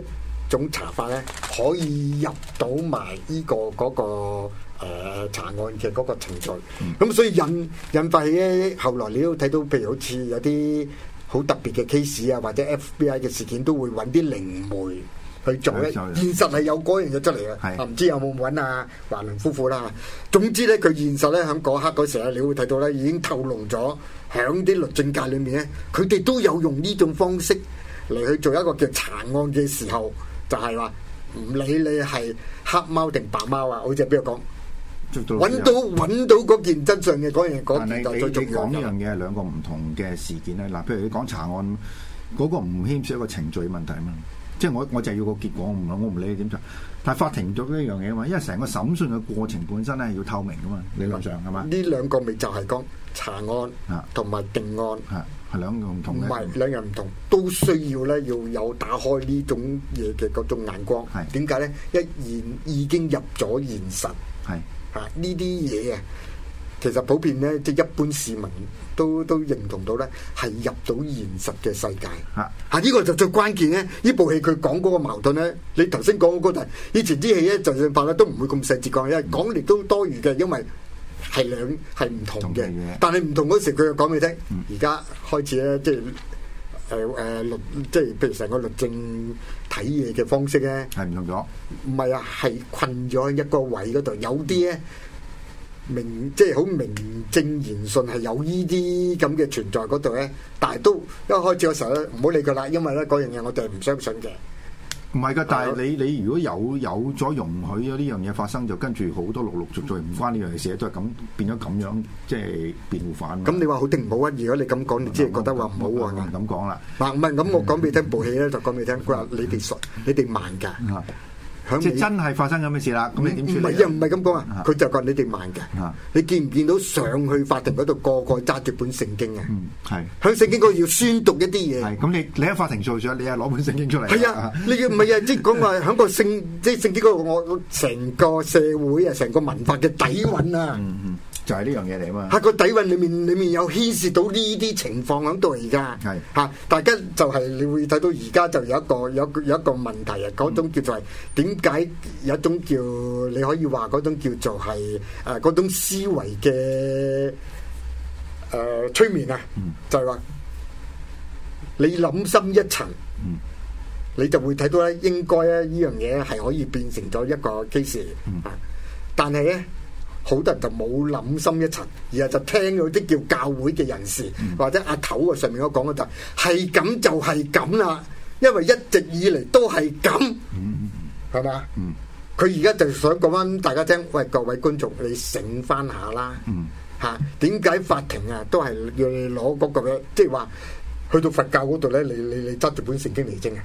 種查法咧可以入到埋、這、呢個嗰、那個誒、呃、查案嘅嗰個程序，咁、嗯、所以引引發起咧，後來你都睇到，譬如好似有啲好特別嘅 case 啊，或者 FBI 嘅事件，都會揾啲靈媒去做。的現實係有嗰樣嘢出嚟嘅，唔的知有冇揾啊華倫夫婦啦。總之咧，佢現實咧喺嗰刻嗰時啊，你會睇到咧已經透露咗響啲律政界裏面咧，佢哋都有用呢種方式嚟去做一個叫查案嘅時候。就係話唔理你係黑貓定白貓啊，好似邊個講，揾到揾到嗰件真相嘅嗰、就最重要、樣嘢，講完就再講呢樣嘢，兩個唔同嘅事件咧。嗱，譬如你講查案，嗰、嗰個唔牽涉一個程序問題啊嘛，即係我我就要個結果，我唔我唔理你點查。但係法庭做一樣嘢啊嘛，因為成個審訊嘅過程本身咧係要透明噶嘛，理論上係嘛？呢兩個咪就係講查案啊，同埋定案。係兩樣唔同，唔係兩樣唔同，都需要咧要有打開呢種嘢嘅各種眼光。點解咧？一現已經入咗現實，係是啊！呢啲嘢啊，其實普遍咧，即係一般市民都都認同到咧，係入到現實嘅世界。嚇嚇是！呢、啊呢個就最關鍵咧。呢部戲佢講嗰個矛盾咧，你頭先講嗰個就係以前啲戲咧，就算拍啦都唔會咁細節講，因為講嚟都多餘嘅，嗯、因為。係兩係唔同嘅，同嘅但係唔同嗰時佢又講俾你聽，而家、嗯、開始咧，即係誒誒律，即係譬如成個律政睇嘢嘅方式咧，係唔同咗。唔係啊，係困咗喺一個位嗰度，有啲咧明，即係好名正言順係有呢啲咁嘅存在嗰度咧，但係都一開始嗰時咧，唔好理佢啦，因為咧嗰樣嘢我哋係唔相信嘅。唔係噶，但係你你如果有有咗容許咗呢樣嘢發生，就跟住好多陸陸續續唔關呢樣嘢事都係咁變咗咁樣，即係辯護反。咁你話好定唔好啊？如果你咁講，你只係覺得話唔好啊，唔咁講啦。嗱，唔係咁，我講俾你聽，部戲咧就講俾你聽，佢話你哋熟，你哋慢㗎。嗯嗯即係真係發生咁嘅事啦，咁、嗯、你點算？唔係又唔係咁講啊，佢就講你哋慢嘅。啊、你見唔見到上去法庭嗰度個個揸住本聖經啊？係、啊，響聖經度要宣讀一啲嘢。咁、啊、你你喺法庭做咗，你又攞本聖經出嚟。係啊，你要唔係啊？即係講話響個聖，即係聖經度我成個社會整個啊，成個文化嘅底蘊啊。嗯就係呢樣嘢嚟嘛，吓個底蘊裏面裏面有牽涉到呢啲情況喺度而家，係吓是大家就係你會睇到而家就有一個有一個有一個問題啊，嗰種叫做係點解有一種叫你可以話嗰種叫做係誒嗰種思維嘅誒催眠啊，嗯、就係話你諗深一層，嗯、你就會睇到咧，應該咧呢樣嘢係可以變成咗一個 case、嗯，吓但係咧。好多人就冇諗深一層，而係就聽咗啲叫教會嘅人士、嗯、或者阿頭啊，上面我講嘅就係、是、咁就係咁啦，因為一直以嚟都係咁，係嘛、嗯？佢而家就想講翻大家聽，喂，各位觀眾，你醒翻下啦，吓、嗯？點解、啊、法庭啊都係要你攞嗰、那個嘅？即係話去到佛教嗰度咧，你你你揸住本聖經嚟證啊？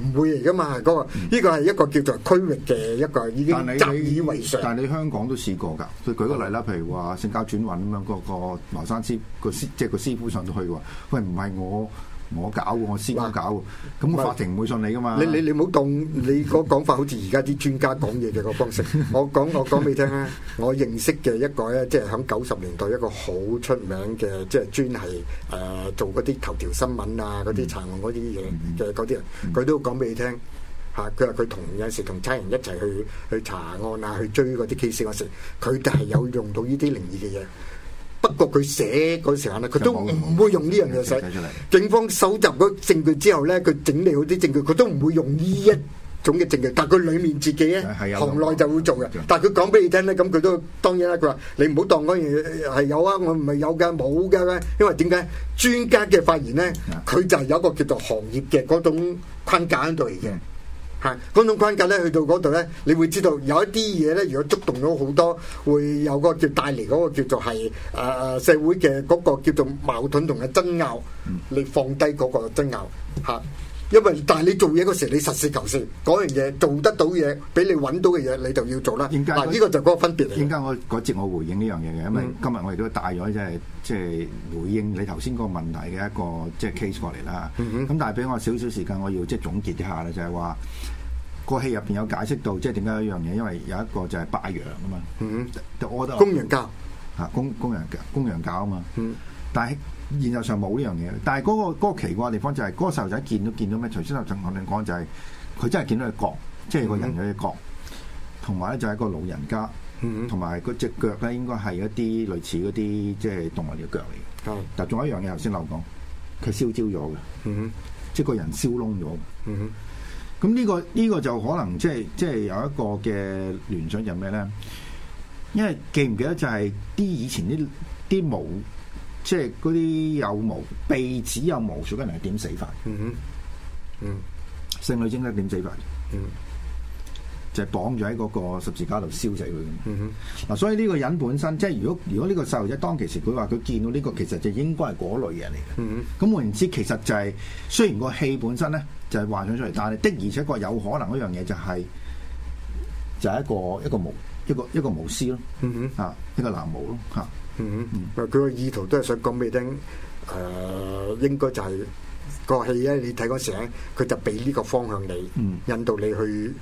唔會嚟噶嘛，嗰、嗰個呢、呢個係一個叫做區域嘅一個已經習以為常你。但你香港都試過㗎，佢舉個例啦，譬如話性交轉運咁樣，嗰個、嗰個茅山師、嗰個師即係個師傅上到去話：，喂，唔係我。我搞喎，我先搞喎，咁是法庭唔會信你噶嘛？你你你，唔好當你個講法好似而家啲專家講嘢嘅個方式。 我講我講俾你聽啊！我認識嘅一個咧，即係喺九十年代一個好出名嘅，即、就、係、是、專係誒、呃、做嗰啲頭條新聞啊、嗰啲查案嗰啲嘢嘅啲人，佢都講俾你聽嚇。佢話佢同有時同差人一齊去去查案啊，去追嗰啲 case 嗰時，佢都係有用到呢啲靈異嘅嘢。不過佢寫嗰時候咧，佢都唔會用呢樣嘢寫。警方搜集咗證據之後咧，佢整理好啲證據，佢都唔會用呢一種嘅證據。但佢裏面自己咧，行內就會做嘅。但係佢講俾你聽咧，咁佢都當然啦。佢話你唔好當嗰樣嘢係有啊，我唔係有噶，冇噶啦。因為點解專家嘅發言咧，佢就係有一個叫做行業嘅嗰種框架喺度嚟嘅。嚇，嗰種框架咧，去到嗰度咧，你會知道有一啲嘢咧，如果觸動咗好多，會有個叫帶嚟嗰個叫做係、呃、社會嘅嗰個叫做矛盾同埋爭拗，你放低嗰個爭拗嚇。因為但係你做嘢嗰時，你實事求是，嗰樣嘢做得到嘢，俾你揾到嘅嘢，你就要做啦。呢、那個啊，呢個就嗰個分別。依家我嗰節我回應呢樣嘢嘅，因為今日我亦都帶咗即係即係回應你頭先個問題嘅一個即係、就是、case 過嚟啦。咁、嗯嗯嗯、但係俾我少少時間，我要即係、就是、總結一下啦，就係、是、話。個戲入邊有解釋到，即係點解一樣嘢，因為有一個就係拜羊啊嘛。嗯，嗯我覺得公羊教公公羊公羊教啊嘛。嗯、但係現實上冇呢樣嘢。但係嗰、嗰個、嗰個奇怪地方就係嗰個細路仔見到見到咩？頭先阿陶講就係、是、佢真係見到隻角，即係、嗯嗯、個人有隻角。同埋咧就係一個老人家，同埋佢隻腳咧應該係一啲類似嗰啲即係動物嘅腳嚟嘅。係、嗯，仲有一樣嘢頭先我講，佢燒焦咗嘅，即係、嗯嗯、個人燒窿咗，嗯嗯咁呢、呢個呢、呢個就可能即係即係有一個嘅聯想就咩咧？因為記唔記得就係啲以前啲啲毛，即係嗰啲有毛、鼻子有毛，最緊人係點死法的？嗯哼、mm，嗯、hmm. mm，hmm. 性女精係點死法？嗯、mm。Hmm. 就係綁咗喺嗰個十字架度燒死佢，咁嗱，嗯、哼所以呢個人本身即係如果如果呢個細路仔當其時，佢話佢見到呢、這個，其實就是應該係嗰類嘢嚟嘅。咁換言之，其實就係、是、雖然個戲本身咧就係幻想出嚟，但係的而且確有可能的一樣嘢就係、是、就係、是、一個一個巫一個一個巫師咯。嗯、哼啊，一個男巫咯。啊，佢嘅、嗯哼嗯、意圖都係想講俾你聽，誒、呃，應該就係、是那個戲咧。你睇嗰時佢就俾呢個方向你，引導你去。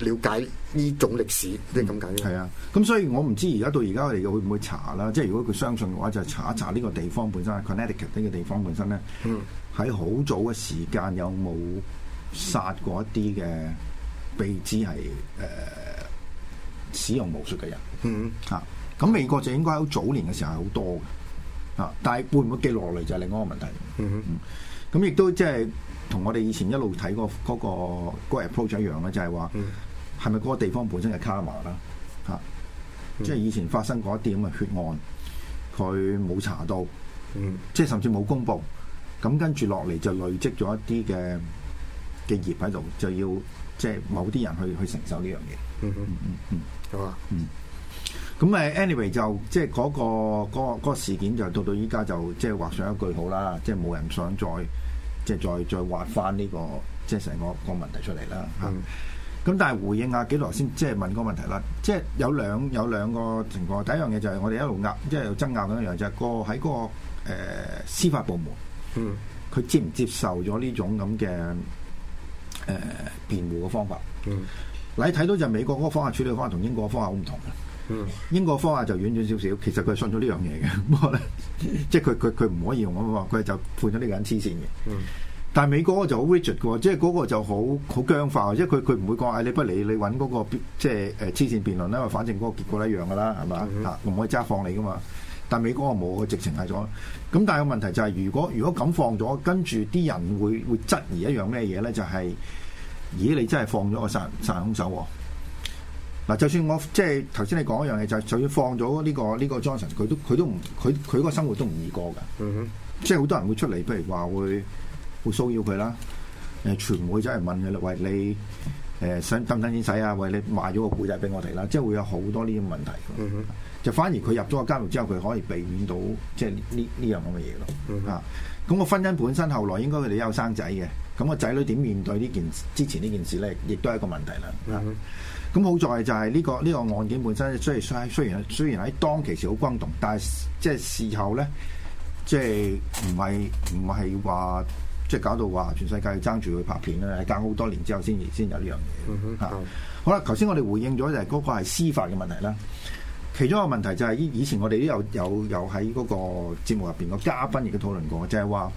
了解呢種歷史，即係咁解嘅。係啊，咁所以我唔知而家到而家我哋會唔會查啦？即係如果佢相信嘅話，就係查一查呢個地方本身、嗯、Connecticut 呢個地方本身咧，喺好、嗯、早嘅時間有冇殺過一啲嘅被指係誒使用巫術嘅人？嗯、啊，嚇咁美國就應該喺早年嘅時候係好多嘅，啊！但係會唔會記落嚟就係另一個問題？嗯咁亦都即係。同我哋以前一路睇嗰嗰個嗰個 approach 一樣咧，就係話，係咪嗰個地方本身就 karma 啦，嚇，嗯，即係以前發生過一啲咁嘅血案，佢冇查到，嗯，即係甚至冇公布，咁跟住落嚟就累積咗一啲嘅嘅業喺度，就要即係某啲人去去承受呢樣嘢。嗯嗯嗯嗯，好啊。嗯，咁誒，anyway 就即係嗰個嗰個事件就到到依家就即係畫上一句好啦，即係冇人想再。即係再再挖翻呢個即係成個個問題出嚟啦。咁、嗯啊、但係回應下幾耐先，即係問個問題啦。即係有兩有兩個情況。第一樣嘢就係我哋一路壓即係有爭拗緊一樣就係、個喺、個誒、呃、司法部門，嗯，佢接唔接受咗呢種咁嘅誒辯護嘅方法。嗯，你睇到就美國嗰個方法處理方法同英國方法好唔同嘅。英國方法就軟軟少少，其實佢係信咗呢樣嘢嘅。 他他他不過咧，即係佢佢佢唔可以用咁嘛，佢就判咗呢個人黐線嘅。嗯、但係美國就好 rigid 嘅，即係嗰個就好好僵化，即係佢佢唔會講唉、哎、你不理你找、那個，揾嗰個即係誒黐線辯論啦，話、呃、反正嗰個結果都一樣噶啦，係咪？啊，我可以揸放你噶嘛。但係美國啊冇，佢直情係咗。咁但係個問題就係、是，如果如果咁放咗，跟住啲人會會質疑一樣咩嘢咧？就係、是，咦、哎？你真係放咗個殺殺人凶手、啊？嗱、啊，就算我即係頭先你講一樣嘢，就就算放咗呢、呢個呢、呢個 Johnson，佢都佢都唔佢佢個生活都唔易過噶，mm hmm. 即係好多人會出嚟，譬如話會會騷擾佢啦，誒傳媒走嚟問佢，喂你誒想等唔等錢使啊？喂你賣咗個故仔俾我哋啦，即係會有好多呢啲問題。就、mm hmm. 反而佢入咗個監獄之後，佢可以避免到即係呢呢樣咁嘅嘢咯。咁個、mm hmm. 啊、婚姻本身後來應該佢哋有生仔嘅，咁個仔女點面對呢件事之前呢件事咧，亦都係一個問題啦。啊 mm hmm. 咁好在就係呢個呢個案件本身雖，雖然雖雖然雖然喺當其時好轟動，但係即係事後咧，即係唔係唔係要話即係搞到話全世界爭住去拍片咧，隔好多年之後先先有呢樣嘢。嗯哼，好啦，頭先我哋回應咗就係嗰個係司法嘅問題啦。其中一個問題就係以前我哋都有有有喺嗰個節目入邊個嘉賓亦都討論過，就係話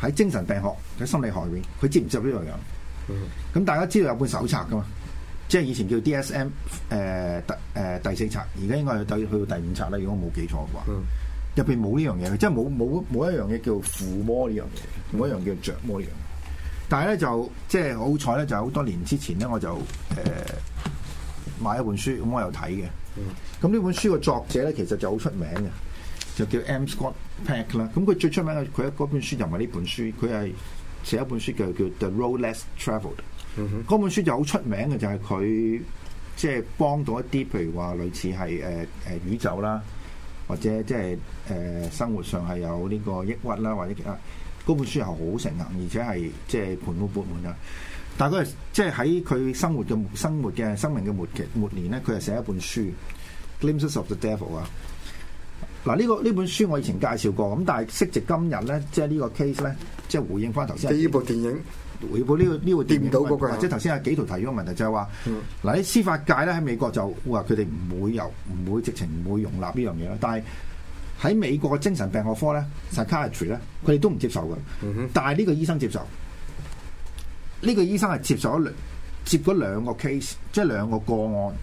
喺精神病學喺心理學入邊，佢接唔接呢樣嘢？咁、嗯、哼大家知道有本手冊噶嘛？即係以前叫 DSM，誒、呃、第誒、呃、第四冊，而家應該係去到第五冊啦，如果我冇記錯嘅話。入邊冇呢樣嘢，即係冇冇冇一樣嘢叫附魔呢樣嘢，冇一樣叫着魔呢樣嘢。但係咧就即係好彩咧，就好多年之前咧，我就誒、呃、買一本書，咁我又睇嘅。咁呢、嗯、本書嘅作者咧，其實就好出名嘅，就叫 M. Scott Peck 啦。咁佢最出名嘅，佢嗰本書就唔係呢本書，佢係寫一本書叫《叫 The Road Less Traveled》。嗰、嗯、本書就好出名嘅，就係佢即係幫到一啲，譬如話類似係宇宙啦，或者即、就、係、是呃、生活上係有呢個抑鬱啦，或者其他，嗰本書係好成行，而且係即係盤滿缽滿啊。但係佢即係喺佢生活嘅生活嘅生命嘅末期末年呢，佢係寫一本書《Glimpses of the Devil》啊。嗱、這、呢個呢本書我以前介紹過，咁但係適值今日呢，即係呢個 case 呢，即、就、係、是、回應翻頭先部電影。回報呢個呢個掂到嗰，或者頭先有紀陶提咗問題，就係話嗱喺司法界咧，喺美國就話佢哋唔會有，唔會直情唔會容納呢樣嘢咯。但係喺美國嘅精神病學科咧，psychiatry 咧，佢哋都唔接受嘅。但係呢個醫生接受，呢個醫生係接受接嗰兩個 case，即係兩個個案。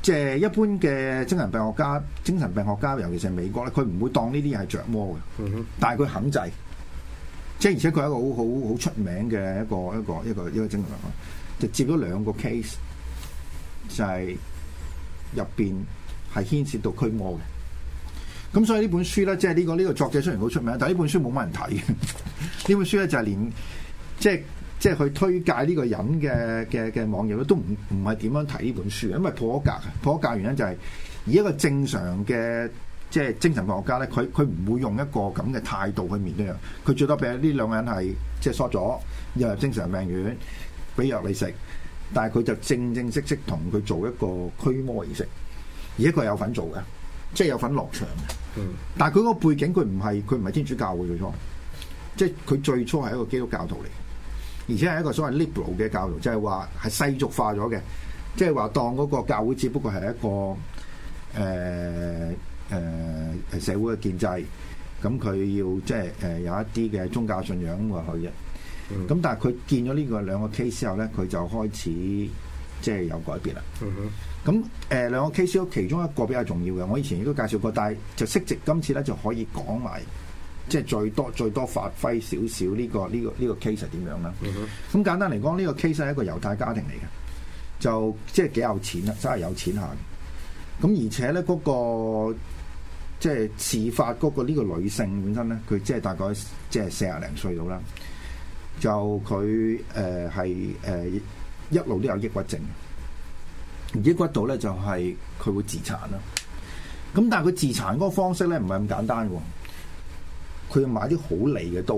即係一般嘅精神病學家，精神病學家尤其是美國咧，佢唔會當呢啲嘢係着魔嘅。但係佢肯制。即係而且佢係一個好好好出名嘅一個一個一個一個正常啊，就接咗兩個 case 就係入邊係牽涉到驅魔嘅。咁所以呢本書咧，即係呢個呢、呢個作者雖然好出名，但係呢本書冇乜人睇。呢 本書咧就係連即係即係去推介呢個人嘅嘅嘅網頁都唔唔係點樣睇呢本書，因為破格啊，破格原因就係、是、以一個正常嘅。即係精神科學家咧，佢佢唔會用一個咁嘅態度去面對佢，佢最多俾呢兩個人係即係縮咗又入精神病院，俾藥你食，但係佢就正正式式同佢做一個驅魔儀式，而且佢有份做嘅，即係有份落場嘅。但係佢個背景佢唔係佢唔係天主教會嘅錯，即係佢最初係一個基督教徒嚟，而且係一個所謂 liberal 嘅教徒，即係話係世俗化咗嘅，即係話當嗰個教會只不過係一個誒。呃誒、呃、社會嘅建制，咁佢要即係誒有一啲嘅宗教信仰咁去嘅，咁、嗯、但係佢見咗呢個兩個 case 之後咧，佢就開始即係、就是、有改變啦。咁誒、嗯呃、兩個 case 中其中一個比較重要嘅，我以前亦都介紹過，但係就適值今次咧就可以講埋，即、就、係、是、最多最多發揮少少呢、這個呢、這個呢、這個 case 係點樣啦。咁、嗯、簡單嚟講，呢、這個 case 係一個猶太家庭嚟嘅，就即係幾有錢啦，真係有錢下嘅。咁而且咧嗰、那個。即係事發嗰個呢個女性本身咧，佢即係大概即係四廿零歲到啦。就佢誒係誒一路都有抑鬱症，抑鬱到咧就係、是、佢會自殘啦。咁但係佢自殘嗰個方式咧唔係咁簡單喎。佢買啲好利嘅刀，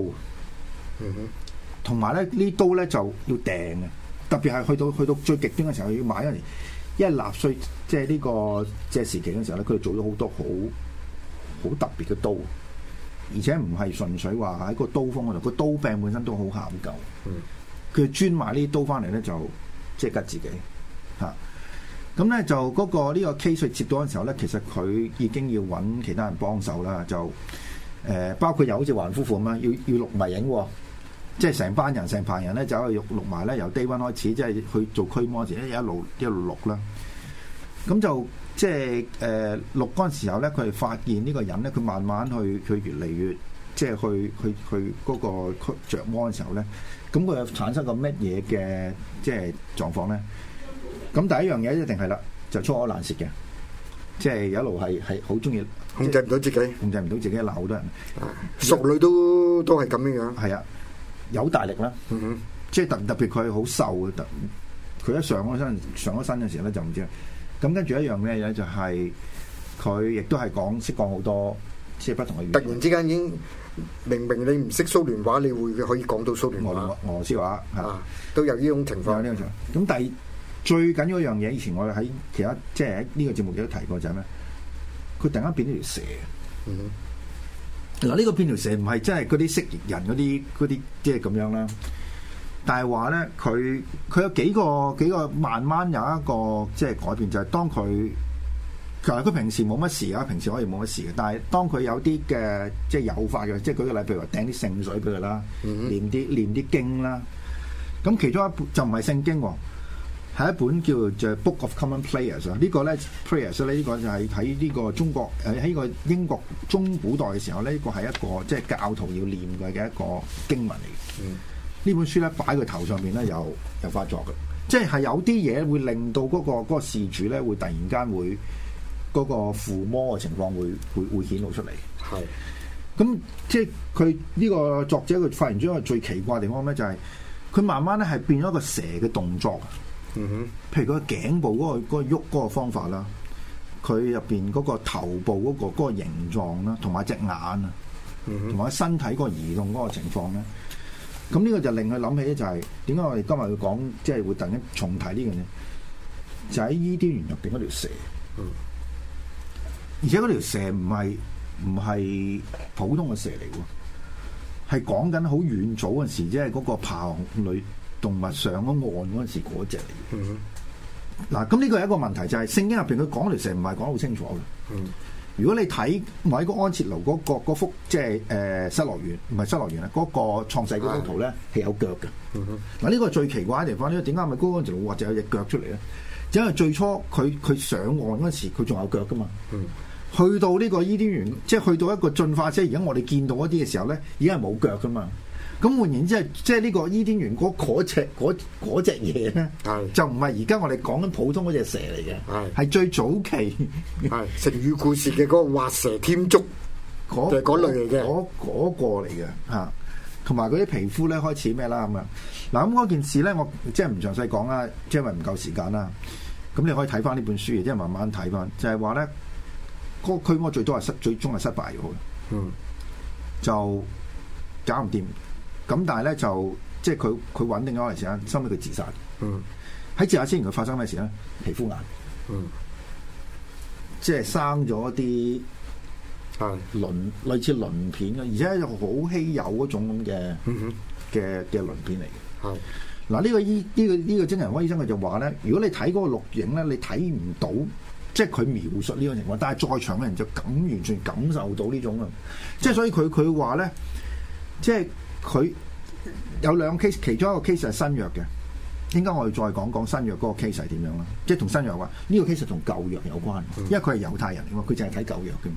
嗯哼，同埋咧呢刀咧就要訂嘅，特別係去到去到最極端嘅時候，佢要買因為一納稅即係呢個即係、這個、時期嘅時候咧，佢做咗好多好，好特別嘅刀，而且唔係純粹話喺個刀鋒嗰度，個刀柄本身都好考究。佢專買呢啲刀翻嚟咧，就即係吉自己嚇。咁咧就嗰個呢個 case 接刀嘅時候咧，其實佢已經要揾其他人幫手啦。就誒，包括又好似環夫婦咁啦，要要錄埋影，即係成班人、成排人咧走去錄錄埋咧，由低溫開始，即係去做驅魔前咧，一路一路錄啦。咁就。即係誒錄嗰陣時候咧，佢係發現呢個人咧，佢慢慢去，佢越嚟越即係去，去，去嗰個着魔嘅時候咧，咁佢產生個乜嘢嘅即係狀況咧？咁第一樣嘢一定係啦，就粗口難舌嘅，即係一路係係好中意控制唔到自己，控制唔到自己鬧好多人，所以，嗯，熟女都都係咁樣樣，係啊，有大力啦，嗯嗯即係特特別佢好瘦嘅，特佢一上咗身，上咗身嘅時候咧就唔知道。咁跟住一樣咧，嘢就係佢亦都係講識講好多即係、就是、不同嘅語言。突然之間已經明明你唔識蘇聯話，你會可以講到蘇聯話、俄羅斯話嚇，啊、是都有呢種情況。咁但第最緊要一樣嘢，以前我喺其他即係喺呢個節目都提過就係咩？佢突然間變咗條蛇。嗱、嗯，呢個變條蛇唔係真係嗰啲蜥蜴人嗰啲嗰啲即係咁樣啦。但係話咧，佢佢有幾個幾個慢慢有一個即係改變，就係、是、當佢其實佢平時冇乜事啊，平時可以冇乜事嘅。但係當佢有啲嘅即係有法嘅，即係舉個例，譬如話掟啲聖水俾佢啦，唸啲唸啲經啦。咁其中一本就唔係聖經喎，係一本叫做《Book of Common Prayers》啊。呢個咧，Prayers 呢個就係喺呢個中國喺呢個英國中古代嘅時候，呢、這個係一個即係、就是、教徒要念佢嘅一個經文嚟嘅。嗯呢本書咧擺佢頭上面咧，又又發作嘅，即係有啲嘢會令到嗰個嗰個事主咧會突然間會嗰個附魔嘅情況會會會顯露出嚟。係，咁即係佢呢個作者佢發現咗一個最奇怪嘅地方咧，就係佢慢慢咧係變咗個蛇嘅動作。嗯哼，譬如佢頸部嗰個嗰個喐嗰個方法啦，佢入邊嗰個頭部嗰個嗰個形狀啦，同埋隻眼啊，嗯哼，同埋身體個移動嗰個情況咧。咁呢個就令佢諗起，就係點解我哋今日要講，即係會突然重提呢樣嘢，就喺伊甸園入邊嗰條蛇。嗯。而且嗰條蛇唔係唔係普通嘅蛇嚟喎，係講緊好遠早嗰陣時，即係嗰個爬行類動物上咗岸嗰陣時嗰隻嚟。嗯。嗱，咁呢個係一個問題，就係聖經入邊佢講條蛇唔係講得好清楚嘅。嗯。如果你睇米高安哲羅嗰個幅、那個、即係誒失樂園，唔係失樂園啦，嗰、那個創世嗰幅圖咧係有腳嘅。嗱呢、嗯、哼個最奇怪嘅地方，因為點解米高安哲羅話就有隻腳出嚟咧？因為最初佢佢上岸嗰時佢仲有腳噶嘛。嗯、去到呢、這個伊甸園，即係去到一個進化車，即係而家我哋見到嗰啲嘅時候咧，已經係冇腳噶嘛。咁換言之，即係呢個伊甸園嗰嗰隻隻嘢咧，呢是就唔係而家我哋講緊普通嗰隻蛇嚟嘅，係是最早期係是成語故事嘅嗰、嗰個畫蛇添足嗰、嗰個、類嚟嘅，嗰、嗰個嚟嘅同埋嗰啲皮膚咧開始咩啦咁啊！嗱咁嗰件事咧，我即係唔詳細講啦，即係因為唔夠時間啦。咁你可以睇翻呢本書，即係慢慢睇翻。就係話咧，嗰、那、驅、個、魔最多係失，最終係失敗咗。嗯，就搞唔掂。咁但係咧就即係佢佢穩定咗一段時間，收尾佢自殺。嗯，喺自殺之前佢發生咩事咧？皮膚癌。嗯，即係生咗一啲，係鱗類似鱗片嘅，而且好稀有嗰種咁嘅，嘅嘅鱗片嚟嘅。係嗱呢個醫呢個呢個精神科醫生佢就話咧，如果你睇嗰個錄影咧，你睇唔到，即係佢描述呢個情況，但係在場嘅人就感完全感受到呢種啊，即係所以佢佢話咧，即係。佢有兩個 case，其中一個 case 係新約嘅，應該我哋再講講新約嗰個 case 係點樣啦。即係同新約有關呢個 case 係同舊約有關，因為佢係猶太人嚟㗎，佢淨係睇舊約嘅，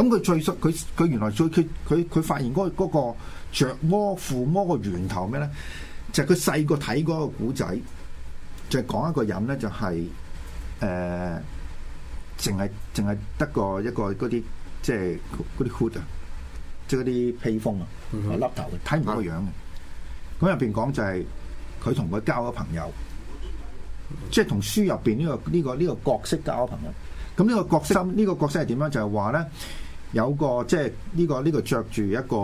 咁佢最熟，佢佢原來最佢佢佢發現嗰、那、嗰個著、那個、魔附魔個源頭咩咧？就係佢細個睇嗰個古仔，就係、是、講一個人咧、就是，就係誒，淨係淨係得個一個嗰啲即係嗰啲啊。即係啲披風啊，甩頭睇唔到個樣。咁入邊講就係佢同佢交咗朋友，即係同書入邊呢個呢個呢個角色交咗朋友。咁呢個角色呢個角色係點樣？就係話咧，有個即係呢個呢個著住一個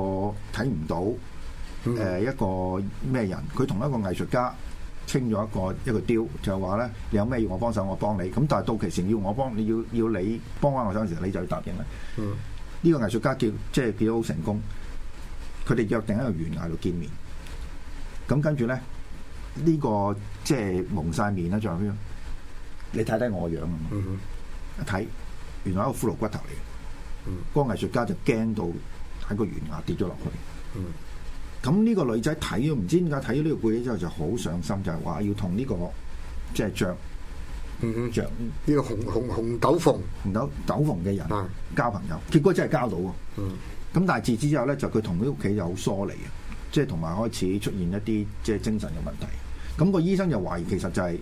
睇唔到誒呃、一個咩人。佢同一個藝術家傾咗一個一個 deal，就係話咧，你有咩要我幫手，我幫你。咁但係到期成要我幫你要要你幫我，嗰陣時你就要答應啦。呢個藝術家叫即係幾好成功，佢哋約定喺個懸崖度見面。咁跟住咧，呢、呢個即係蒙晒面啦，仲有咩？你睇睇我樣啊嘛，一睇，原來一個骷髏骨頭嚟嘅。嗯、嗰個藝術家就驚到喺個懸崖跌咗落去。咁呢、嗯、個女仔睇咗唔知點解睇咗呢個故事之後就好上心，就係、是、話要同呢、這個即係着。就是着呢長、嗯呢個紅紅紅斗篷，紅斗斗篷嘅人交朋友，嗯、結果真係交到喎。咁、嗯、但係自此之後咧，就佢同佢屋企就好疏離嘅，即係同埋開始出現一啲即係精神嘅問題。咁、咁個醫生就懷疑，其實就係、係、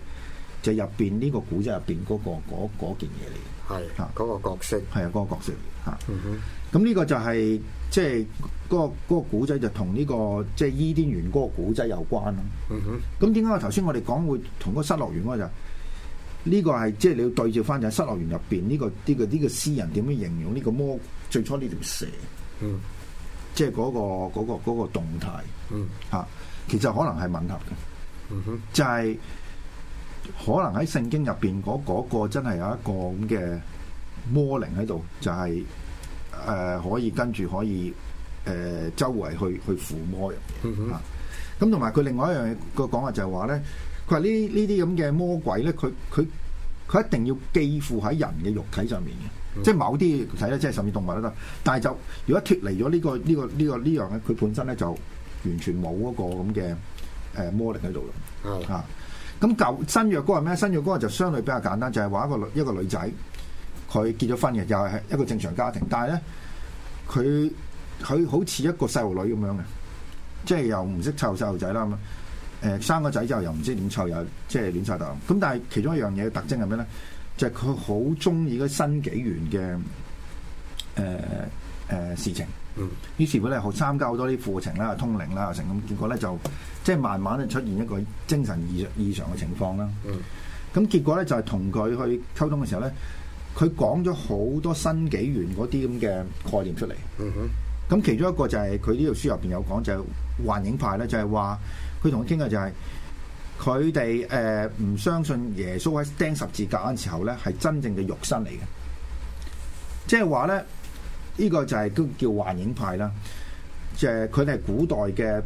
就入邊呢個古仔入邊嗰個嗰件嘢嚟嘅，係吓嗰個角色，係啊，嗰、嗰個角色吓。咁呢、嗯、哼個就係即係嗰個、嗰個古仔就同呢、呢個即係、即係、伊甸園嗰個古仔有關咯。嗯咁點解我頭先我哋講會同個失樂園嗰就？呢個係即係你要對照翻就喺失樂園入邊呢個呢、這個呢、這個詩人點樣形容呢個魔最初呢條蛇，嗯，即係嗰個嗰、那個、那個動態，嗯、啊，其實可能係吻合嘅，嗯、哼，就係可能喺聖經入邊嗰嗰個真係有一個咁嘅魔靈喺度，就係、是、誒、呃、可以跟住可以誒、呃、周圍去去附魔嘅，咁同埋佢另外一樣嘅講法就係話咧。呢呢啲咁嘅魔鬼咧，佢佢佢一定要寄附喺人嘅肉體上面嘅，嗯，即係某啲體咧，即係甚至動物都得。但係就如果脫離咗呢個呢個呢個呢樣咧，佢本身咧就完全冇嗰個咁嘅誒魔力喺度啦。嗯、啊，咁舊新約嗰個係咩？新約嗰個就相對比較簡單，就係話一個女一個女仔，佢結咗婚嘅，又係一個正常家庭，但係咧，佢佢好似一個細路女咁樣嘅，即係又唔識湊細路仔啦咁啊。誒生個仔之後又唔知點湊，又即係亂湊頭咁。但係其中一樣嘢嘅特徵係咩咧？就係佢好中意嗰新紀元嘅誒誒事情。嗯，於是乎咧，學參加好多啲課程啦、通靈啦成咁，結果咧就即係、就是、慢慢咧出現一個精神異異常嘅情況啦。咁、嗯、結果咧就係同佢去溝通嘅時候咧，佢講咗好多新紀元嗰啲咁嘅概念出嚟。嗯咁哼其中一個就係佢呢套書入邊有講，就是、幻影派咧，就係話。佢同我傾嘅就係佢哋誒唔相信耶穌喺釘十字架嗰陣時候咧係真正嘅肉身嚟嘅，即係話咧呢個就係都叫幻影派啦，即係佢哋係古代嘅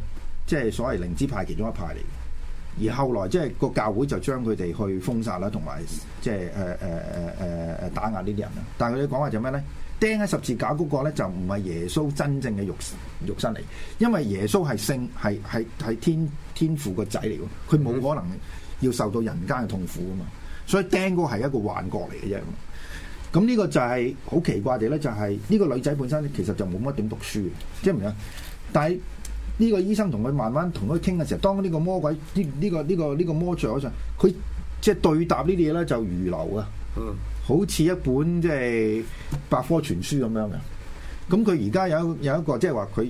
即係所謂靈知派其中一派嚟嘅，而後來即係個教會就將佢哋去封殺啦，同埋即係誒誒誒誒誒打壓呢啲人啦，但係佢哋講話就咩咧？釘喺十字架嗰個咧就唔係耶穌真正嘅肉肉身嚟，因為耶穌係聖，係係係天天父個仔嚟嘅，佢冇可能要受到人間嘅痛苦啊嘛，所以釘嗰個係一個幻覺嚟嘅啫。咁呢個就係、是、好奇怪地咧、就是，就係呢個女仔本身其實就冇乜點讀書嘅，知唔明啊？但係呢個醫生同佢慢慢同佢傾嘅時候，當呢個魔鬼呢呢、這個呢、這個呢、這個魔在嗰陣，佢即係對答這些呢啲嘢咧就如流啊。嗯。好似一本即係百科全書咁樣嘅，咁佢而家有有一個即係話佢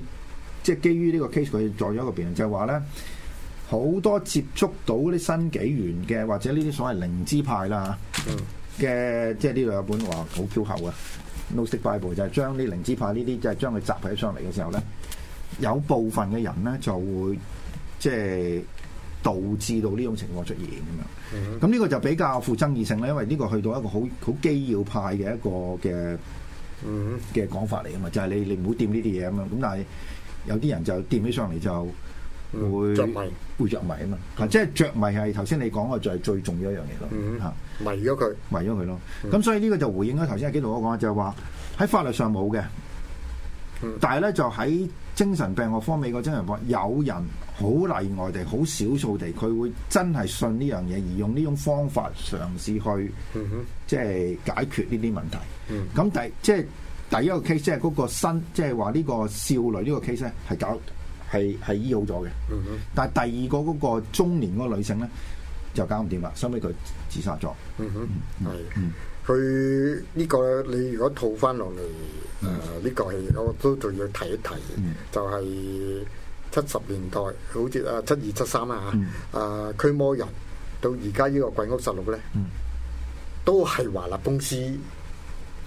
即係基於呢個 case 佢做咗一個辯論，就話咧好多接觸到啲新紀元嘅或者呢啲所謂靈芝派啦嘅，即係呢度有本話好 Q 厚啊，Bible 就係、是、將啲靈芝派呢啲即係將佢集喺上嚟嘅時候咧，有部分嘅人咧就會即係。就是導致到呢種情況出現咁樣，咁呢、嗯、個就比較富爭議性咧，因為呢個去到一個好好基要派嘅一個嘅嘅講法嚟啊嘛，就係、是、你你唔好掂呢啲嘢啊嘛，咁但係有啲人就掂起上嚟就會着、嗯、迷，會着迷、嗯、啊嘛，即係着迷係頭先你講嘅就係最重要的一樣嘢咯，嚇迷咗佢，迷咗佢咯，咁、嗯、所以呢個就回應咗頭先阿紀陶所講就係話喺法律上冇嘅，嗯、但係咧就喺。精神病學方面，個精神病，有人好例外地、好少數地，佢會真係信呢樣嘢，而用呢種方法嘗試去，即係、嗯、哼解決呢啲問題。咁、嗯、哼第即係、就是、第一個 case，即係嗰個新，即係話呢個少女呢個 case 咧，係搞係係醫好咗嘅。嗯、哼但係第二個嗰個中年嗰個女性咧，就搞唔掂啦，收尾佢自殺咗。嗯、哼，係嗯。的佢呢、這個你如果套翻落嚟，誒、呃、呢、這個戲我都仲要睇一睇，嗯、就係七十年代好似啊七二七三啊嚇，誒、嗯呃、驅魔人到而家呢個鬼屋十六咧，嗯、都係華納公司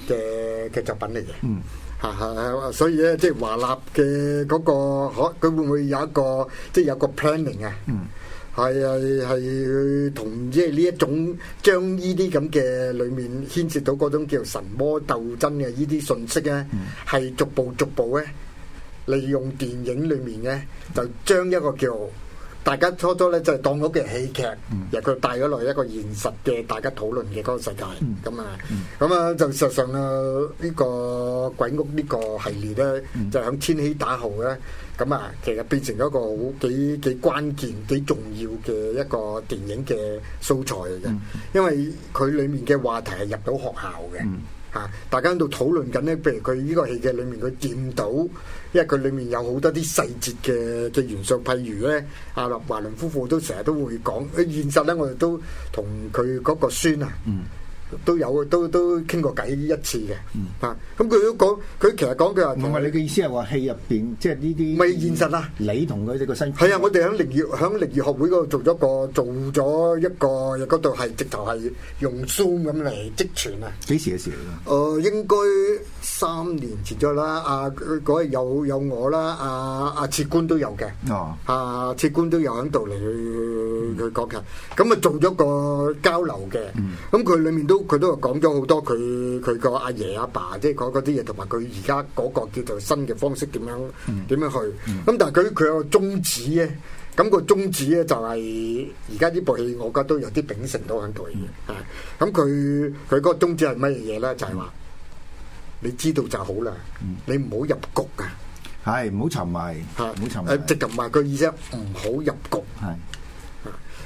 嘅嘅作品嚟嘅，嚇嚇、嗯啊，所以咧即係華納嘅嗰、那個可佢、啊、會唔會有一個即係有個 planning 啊？嗯。係啊，係，同即係呢一種，將呢啲咁嘅裏面牽涉到嗰種叫神魔鬥爭嘅呢啲信息呢，係、嗯、逐步逐步呢，利用電影裏面呢，就將一個叫。大家初初咧就係、是、當屋嘅戲劇，由佢帶咗落一個現實嘅大家討論嘅嗰個世界。咁啊，咁啊、嗯嗯、就事實上啊呢、這個鬼屋呢個系列咧，嗯、就喺千禧打號咧，咁啊其實變成咗一個好幾幾關鍵、幾重要嘅一個電影嘅素材嚟嘅，因為佢裡面嘅話題係入到學校嘅。嗯嗯啊！大家喺度討論緊呢，譬如佢呢個戲嘅裏面佢見到，因為佢裏面有好多啲細節嘅嘅元素，譬如呢阿立華倫夫婦都成日都會講，現實呢，我哋都同佢嗰個孫啊。嗯都有都都、嗯、啊，都都傾過偈一次嘅。啊，咁佢都講，佢其實講嘅話，唔係你嘅意思係話戲入邊，即係呢啲咪現實啊！你同佢哋個身係啊！我哋響靈異響靈異學會嗰度做咗個做咗一個，嗰度係直頭係用 zoom 咁嚟積存啊！幾時嘅事啊？誒、呃，應該三年前咗啦。啊嗰個有有我啦，啊，阿切、啊、官都有嘅。哦。啊，切官都有響度嚟去去講嘅，咁啊、嗯、做咗個交流嘅。咁佢、嗯、裏面都。佢都講咗好多佢佢個阿爺阿爸，即係講嗰啲嘢，同埋佢而家嗰個叫做新嘅方式點樣點樣去。咁、嗯、但係佢佢個宗旨咧，咁、咁個宗旨咧就係而家呢部戲，我覺得都有啲秉承到喺度嘅。咁佢佢嗰個宗旨係乜嘢嘢咧？就係、是、話你知道就好啦，嗯、你唔好入局㗎、啊，係唔好沉迷嚇，唔好沉迷。沉迷啊、直就埋佢意思，唔好入局。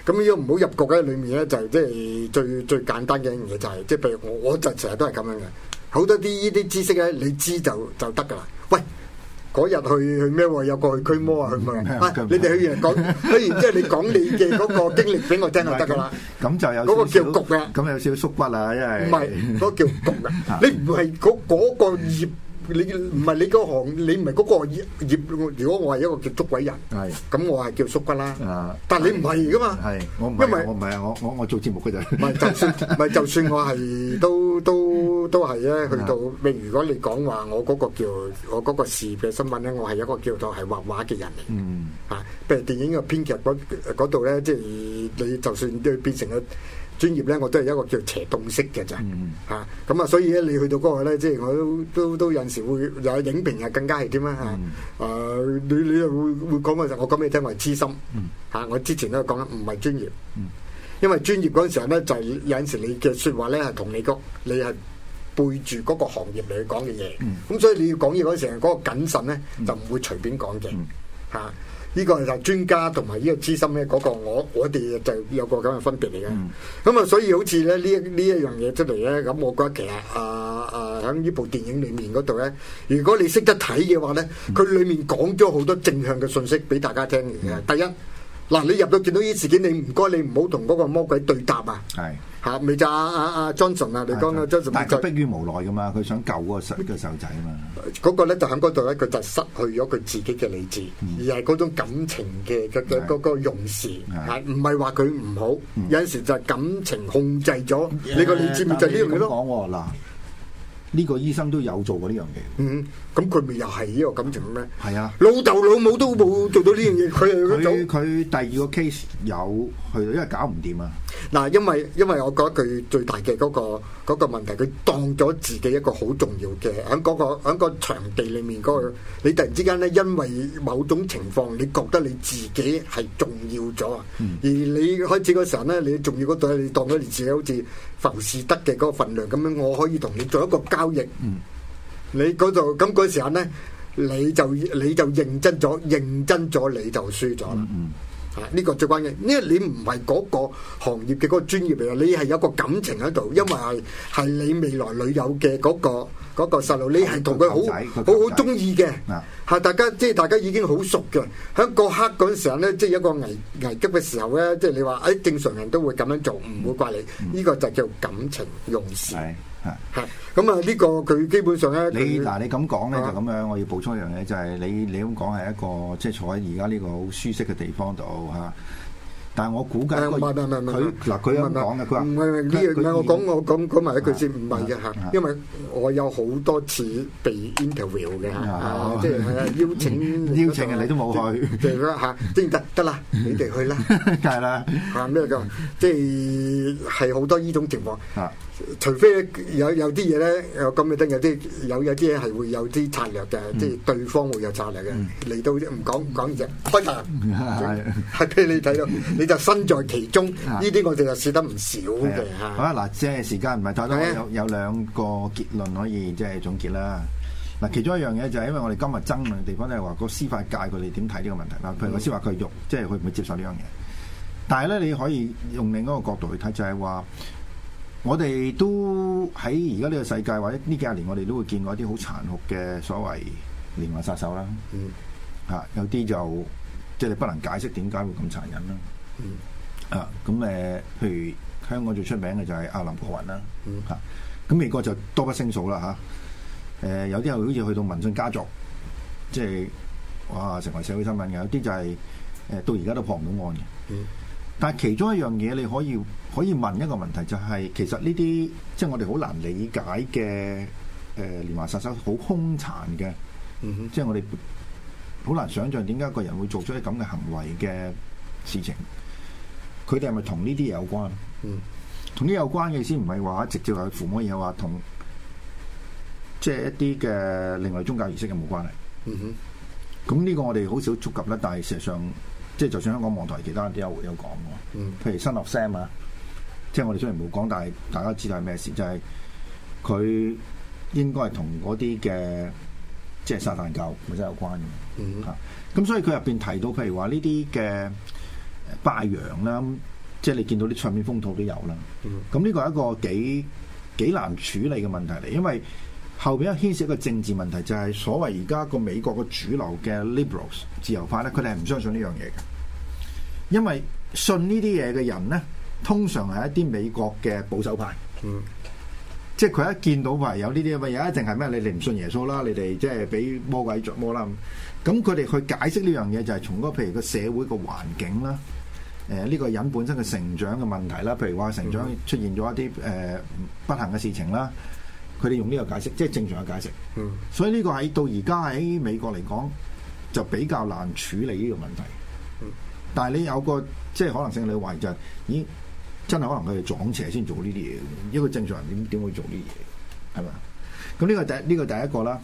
咁如果唔好入局喺裏面咧，就即係最最簡單嘅一樣嘢就係，即係譬如我我就成日都係咁樣嘅，好多啲呢啲知識咧，你知就就得噶啦。喂，嗰日去去咩？有過去驅魔啊，去嘛？你哋去完講，去完之後你講你嘅嗰個經歷俾我聽就得噶啦。咁，嗯，就有嗰個叫局嘅，咁有少少縮骨啊，因為唔係嗰個叫局嘅，你唔係嗰嗰個業。你唔係你個行，你唔係嗰個業。如果我係一個叫捉鬼人，咁是我係叫縮骨啦。啊、但你唔係噶嘛，因為我唔係啊！我我我做節目嘅就唔係就算唔係就算我係都都、嗯、都係啊！去到你如果你講話我嗰個叫我嗰個事嘅新聞咧，我係一個叫做係畫畫嘅人嚟。嗯、啊，譬如電影嘅編劇嗰度咧，即係、就是、你就算都變成咗。專業咧，我都係一個叫斜洞式嘅咋，吓咁、嗯、啊！所以咧，你去到嗰個咧，即係我都都都有陣時會有影評啊，更加係點樣吓？誒，你你又會會講嗰陣？我講俾你聽，話資深吓，我之前都講唔係專業，嗯、因為專業嗰陣時候咧，就係、有陣時你嘅說話咧係同你個你係背住嗰個行業嚟講嘅嘢，咁、嗯、所以你要講嘢嗰陣時候，嗰、嗰個謹慎咧就唔會隨便講嘅，吓、嗯。嗯啊呢個就係專家同埋呢個資深咧，嗰個我我哋就有一個咁嘅分別嚟嘅。咁啊、嗯，所以好似咧呢一呢一樣嘢出嚟咧，咁我覺得其實啊啊喺呢、啊、部電影裡面嗰度咧，如果你識得睇嘅話咧，佢、嗯、裡面講咗好多正向嘅信息俾大家聽嘅。嗯、第一，嗱你入到見到呢啲事件，你唔該你唔好同嗰個魔鬼對答啊。嚇，咪就阿阿阿張順啊，啊啊 son, 你講啊張順，Johnson, 但係佢迫於無奈㗎嘛，佢想救嗰個細，嗰個細路仔啊嘛。嗰個咧就喺嗰度咧，佢就失去咗佢自己嘅理智，嗯、而係嗰種感情嘅嘅嘅嗰個用事，係唔係話佢唔好？嗯、有陣時就係感情控制咗、嗯、你個理智，咪就係呢樣嘢咯。嗱、啊，呢、呢個醫生都有做過呢樣嘢。嗯咁佢咪又係呢個感情咩？係啊，老豆老母都冇做到呢樣嘢，佢佢佢第二個 case 有，佢因為搞唔掂啊。嗱，因為因為我覺得佢最大嘅嗰個嗰個問題，佢當咗自己一個好重要嘅喺嗰個喺個場地裏面嗰個，嗯、你突然之間咧，因為某種情況，你覺得你自己係重要咗啊？嗯、而你開始嗰時候咧，你重要嗰度，你當咗你自己好似浮士德嘅嗰個份量咁樣，我可以同你做一個交易。嗯你嗰度咁嗰時刻咧，你就你就認真咗，認真咗你就輸咗啦。啊，呢個最關鍵，因為你唔係嗰個行業嘅嗰個專業嚟，你係有個感情喺度，因為係係你未來女友嘅嗰個嗰個細路，你係同佢好好好中意嘅，係大家即係大家已經好熟嘅。喺嗰刻嗰陣時咧，即係有個危危急嘅時候咧，即係你話哎正常人都會咁樣做，唔會怪你。呢個就叫感情用事。係，咁啊呢個佢基本上咧，你嗱你咁講咧就咁樣，我要補充一樣嘢就係，你你咁講係一個即係坐喺而家呢個好舒適嘅地方度吓。但係我估計，佢嗱佢咁講嘅，佢話唔係唔係呢樣嘅。我講我講講埋一句先，唔係嘅吓，因為我有好多次被 interview 嘅即係邀請邀請你都冇去，即係啦嚇，得得啦，你哋去啦，梗係啦。啊咩咁？即係係好多呢種情況。除非有有啲嘢咧，有咁你得有啲有有啲嘢係會有啲策略嘅，即係對方會有策略嘅嚟到，唔講講就困難俾你睇到。你就身在其中，呢啲我哋就試得唔少嘅。好啊，嗱，即係、啊啊啊、時間唔係太多，有、啊、有兩個結論可以即係總結啦。嗱，其中一樣嘢就係因為我哋今日爭論嘅地方就係話個司法界佢哋點睇呢個問題啦。譬如律師話佢肉，即係佢唔會接受呢樣嘢。但係咧，你可以用另一個角度去睇，就係話我哋都喺而家呢個世界，或者呢幾十年，我哋都會見過一啲好殘酷嘅所謂連環殺手啦。嗯，啊、有啲就即係、就是、不能解釋點解會咁殘忍啦。嗯啊，咁誒、呃，譬如香港最出名嘅就係阿林過雲啦，吓咁、嗯啊、美國就多不勝數啦吓，誒、啊、有啲係好似去到曼森家族，即、就、係、是、哇成為社會新聞嘅，有啲就係、是、誒、呃、到而家都破唔到案嘅。嗯、但係其中一樣嘢你可以可以問一個問題、就是，就係其實呢啲即係我哋好難理解嘅誒、呃、連環殺手好兇殘嘅，即係、嗯、哼我哋好難想象點解個人會做出啲咁嘅行為嘅事情。佢哋係咪同呢啲嘢有關？嗯，同呢有關嘅先唔係話直接係附魔嘢，話同即係一啲嘅另外宗教儀式嘅有冇關係。嗯、哼，咁呢個我哋好少觸及咧，但係事實上，即、就、係、是、就算香港網台其他人都有有講嘅，嗯、哼譬如 Son of Sam 啊，即、就、係、是、我哋雖然冇講，但係大家知道係咩事，就係、是、佢應該係同嗰啲嘅即係撒旦教咪真的有關嘅。嗯哼，咁、啊、所以佢入邊提到，譬如話呢啲嘅。拜羊啦，即係你見到啲唱片封套都有啦。咁呢個係一個幾幾難處理嘅問題嚟，因為後邊一牽涉一個政治問題，就係、是、所謂而家個美國嘅主流嘅 liberals 自由派咧，佢哋係唔相信呢樣嘢嘅。因為信這的呢啲嘢嘅人咧，通常係一啲美國嘅保守派。嗯，即係佢一見到話有呢啲咁嘅嘢，有一定係咩？你哋唔信耶穌啦，你哋即係俾魔鬼捉魔啦。咁佢哋去解釋呢樣嘢，就係從嗰譬如個社會個環境啦。誒呢、呃呢個人本身嘅成長嘅問題啦，譬如話成長出現咗一啲誒、呃、不幸嘅事情啦，佢哋用呢個解釋，即係正常嘅解釋。嗯、所以呢個喺到而家喺美國嚟講就比較難處理呢個問題。但係你有個即係可能性，你懷疑就係、是、咦，真係可能佢哋撞邪先做呢啲嘢？一個正常人點點會做呢啲嘢係咪？咁呢、呢個第呢、呢個第一個啦，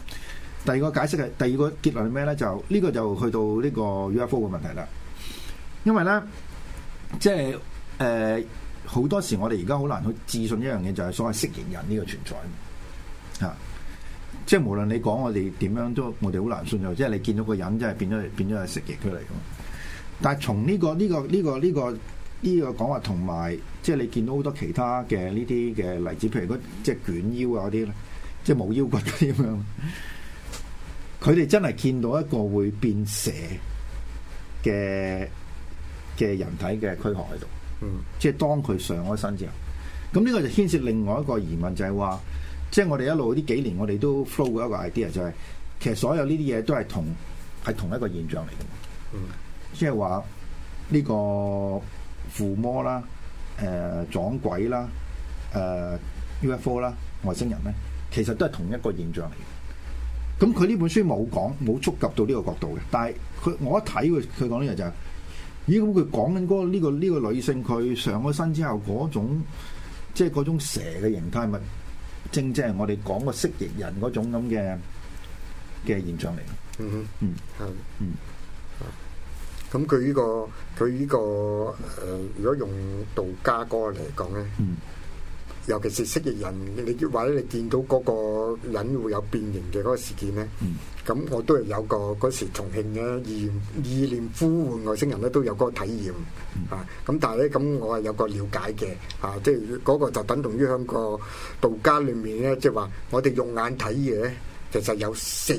第二個解釋係第二個結論係咩咧？就呢、呢個就去到呢個 UFO 嘅問題啦，因為咧。即係誒，好、呃、多時我哋而家好難去置信一樣嘢，就係、是、所謂蜥蜴人呢個存在啊！即係無論你講我哋點樣都，都我哋好難信就，即係你見到個人真係變咗，變咗係蜥蜴人出嚟。但係從呢個呢、這個呢、這個呢、這個呢、這個講話同埋，即係你見到好多其他嘅呢啲嘅例子，譬如即係捲腰啊啲，即係冇腰骨嗰啲咁樣，佢哋真係見到一個會變蛇嘅。嘅人體嘅軀殼喺度，嗯，即係當佢上咗身之後，咁呢個就牽涉另外一個疑問，就係話，即係我哋一路呢幾年，我哋都 flow 過一個 idea，就係其實所有呢啲嘢都係同係同一個現象嚟嘅，嗯，即係話呢個附魔啦，誒、呃、撞鬼啦，誒、呃、UFO 啦，外星人咧，其實都係同一個現象嚟嘅。咁佢呢本書冇講，冇觸及到呢個角度嘅，但係佢我一睇佢，佢講呢樣就係。咦！咁佢講緊嗰呢個呢個個女性，佢上咗身之後嗰種，即係嗰種蛇嘅形態，咪正正係我哋講個蜥蜴人嗰種咁嘅嘅現象嚟。嗯嗯，係嗯，嗯。咁佢呢個佢呢個誒、呃，如果用道家嗰個嚟講咧。嗯尤其是蜥蜴人，你或者你見到嗰個人會有變形嘅嗰個事件咧，咁我都係有個嗰時重慶咧，意意念呼喚外星人咧，都有嗰個體驗啊！咁但係咧，咁我係有個瞭解嘅啊，即係嗰個就等同於響嗰道家裏面咧，即係話我哋用眼睇嘢咧，其實有四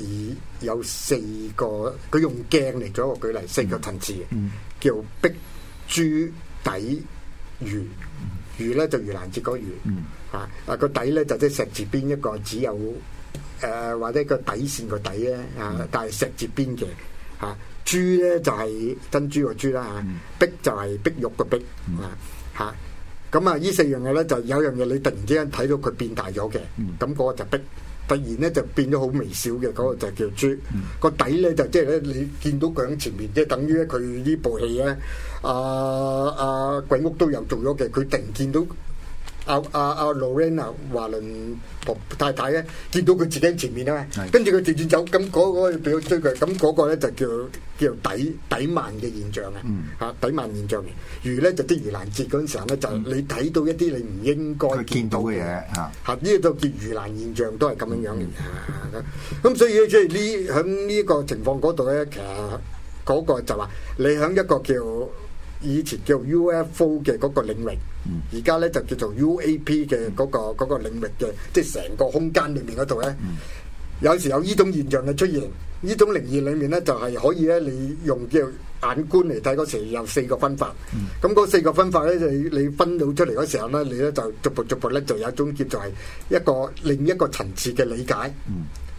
有四個，佢用鏡嚟做一個舉例，四個層次嘅，叫壁珠底魚。魚咧就玉蘭節嗰玉，吓、嗯、啊個底咧就啲石字邊一個只有誒、呃、或者個底線個底咧，吓、啊嗯、但係石字邊嘅吓珠咧就係、是、珍珠個珠啦吓，啊嗯、壁就碧就係碧玉個碧啊吓，咁啊呢、啊啊、四樣嘢咧就有樣嘢你突然之間睇到佢變大咗嘅，咁嗰、嗯嗯那個就碧。突然咧就變咗好微小嘅，嗰、個就係叫豬、嗯、個底咧就即係咧，你見到佢響前面，即係等於咧佢呢部戲咧，啊啊鬼屋都有做咗嘅，佢突然見到。阿阿阿 Lorraine 華倫婆婆太太咧，見到佢自己喺前面啊嘛，是的 跟住佢轉轉走，咁嗰個俾我追佢，咁嗰個咧就叫叫抵抵慢嘅現象啊，嚇抵、嗯、慢現象，如咧就捉盂蘭節嗰陣時候咧，嗯、就你睇到一啲你唔應該見到嘅嚇，嚇呢、啊呢個叫盂蘭現象都係咁樣樣嘅，咁所以即係呢喺呢個情況嗰度咧，其實嗰個就話你喺一個叫。以前叫 UFO 嘅嗰個領域，而家咧就叫做 UAP 嘅嗰個嗰個領域嘅，嗯、即係成個空間裏面嗰度咧，嗯、有時有呢種現象嘅出現。呢種靈異裏面咧，就係可以咧，你用叫眼觀嚟睇嗰時，有四個分法。咁嗰、嗯、四個分法咧，你你分到出嚟嗰時候咧，你咧就逐步逐步咧，就有一種叫就係一個另一個層次嘅理解。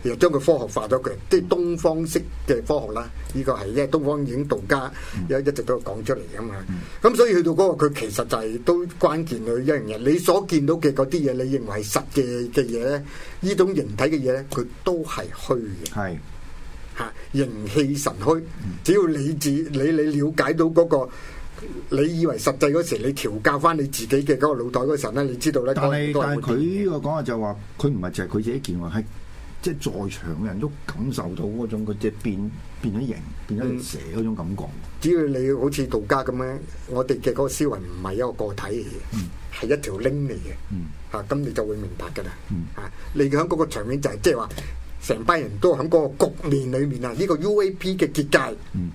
又、嗯、將佢科學化咗佢，啲、嗯、東方式嘅科學啦，呢、呢個係因為東方已經道家一、嗯、一直都講出嚟噶嘛。咁、嗯、所以去到嗰、嗰個佢其實就係都關鍵嘅一樣嘢。你所見到嘅嗰啲嘢，你認為實嘅嘅嘢咧，呢種形體嘅嘢咧，佢都係虛嘅。係形氣神虛，只要你自你你了解到嗰、那個，你以為實際嗰時你調教翻你自己嘅嗰個腦袋嗰個神咧，你知道咧。但係是但係佢呢個講話就話，佢唔係就係佢自己見話，係即係在場嘅人都感受到嗰種佢只變變咗形，變咗蛇嗰種感覺、嗯。只要你好似道家咁樣，我哋嘅嗰個思維唔係一個個體嚟嘅，係、嗯、一條 link 嚟嘅。吓、嗯、咁、啊、你就會明白噶啦。吓、嗯啊，你響嗰個場面就係即係話。就是成班人都喺嗰個局面裏面啊！呢、這個 UAP 嘅結界，嚇、嗯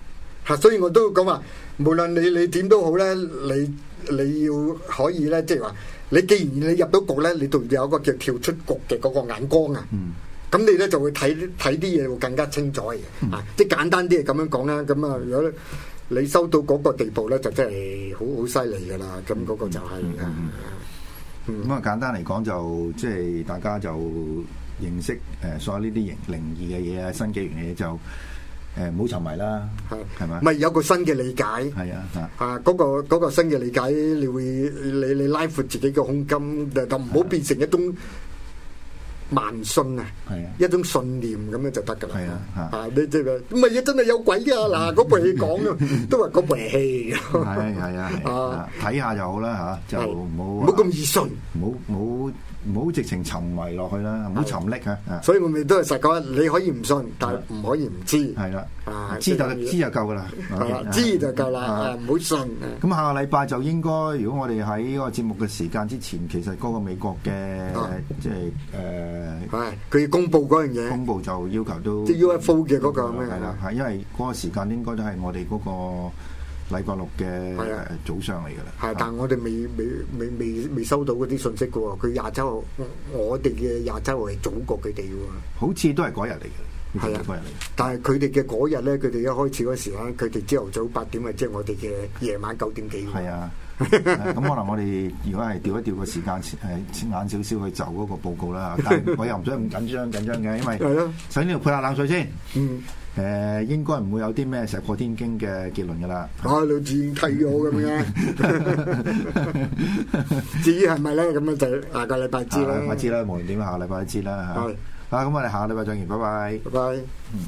啊！所以我都咁話，無論你你點都好咧，你你要可以咧，即係話你既然你入到局咧，你仲有個叫跳出局嘅嗰個眼光啊！咁、嗯啊、你咧就會睇睇啲嘢會更加清楚嘅、嗯啊，即係簡單啲係咁樣講啦。咁啊，如果你收到嗰個地步咧，就真係好好犀利噶啦！咁嗰個就係咁啊！簡單嚟講就即係、就是、大家就。認識誒所有呢啲靈靈異嘅嘢啊，新紀元嘅嘢就誒唔好沉迷啦，係嘛？唔係有個新嘅理解係啊！啊嗰個嗰個新嘅理解，你會你你拉闊自己嘅胸襟，就唔好變成一種盲信啊！係啊，一種信念咁樣就得㗎啦。係啊！啊你即係話唔係啊？真係有鬼啊！嗱，嗰部戲講嘅都話嗰部戲係啊係啊！啊睇下就好啦嚇，就唔好唔好咁易信，冇冇。唔好直情沉迷落去啦，唔好沉溺嚇。所以，我哋都係實講，你可以唔信，但唔可以唔知。係啦，知就知就夠噶啦，知就夠啦，唔好信。咁下個禮拜就應該，如果我哋喺個節目嘅時間之前，其實嗰個美國嘅即係誒，佢要公佈嗰樣嘢。公佈就要求都即 UFO 嘅嗰個咩啊？係啦，係因為嗰個時間應該都係我哋嗰個。禮拜六嘅早上嚟噶啦，係、啊啊，但係我哋未未未未未收到嗰啲信息噶喎，佢廿七號我我哋嘅廿七號係早過佢哋噶喎，好似都係嗰日嚟嘅。係啊，日嚟、啊、但係佢哋嘅嗰日咧，佢哋一開始嗰時咧，佢哋朝頭早八點嘅，即、就、係、是、我哋嘅夜晚九點幾。係啊，咁可能我哋如果係調一調個時間，係眼少少去就嗰個報告啦。但係我又唔想咁緊張緊張嘅，因為，係咯、啊，首先配下冷水先。嗯。誒，應該唔會有啲咩石破天驚嘅結論噶啦，喺度自然睇咗咁樣，至於係咪咧，咁樣就下個禮拜知啦，我知啦，無論點下個禮拜知啦吓，是啊，咁我哋下個禮拜再見，拜拜，拜拜，嗯。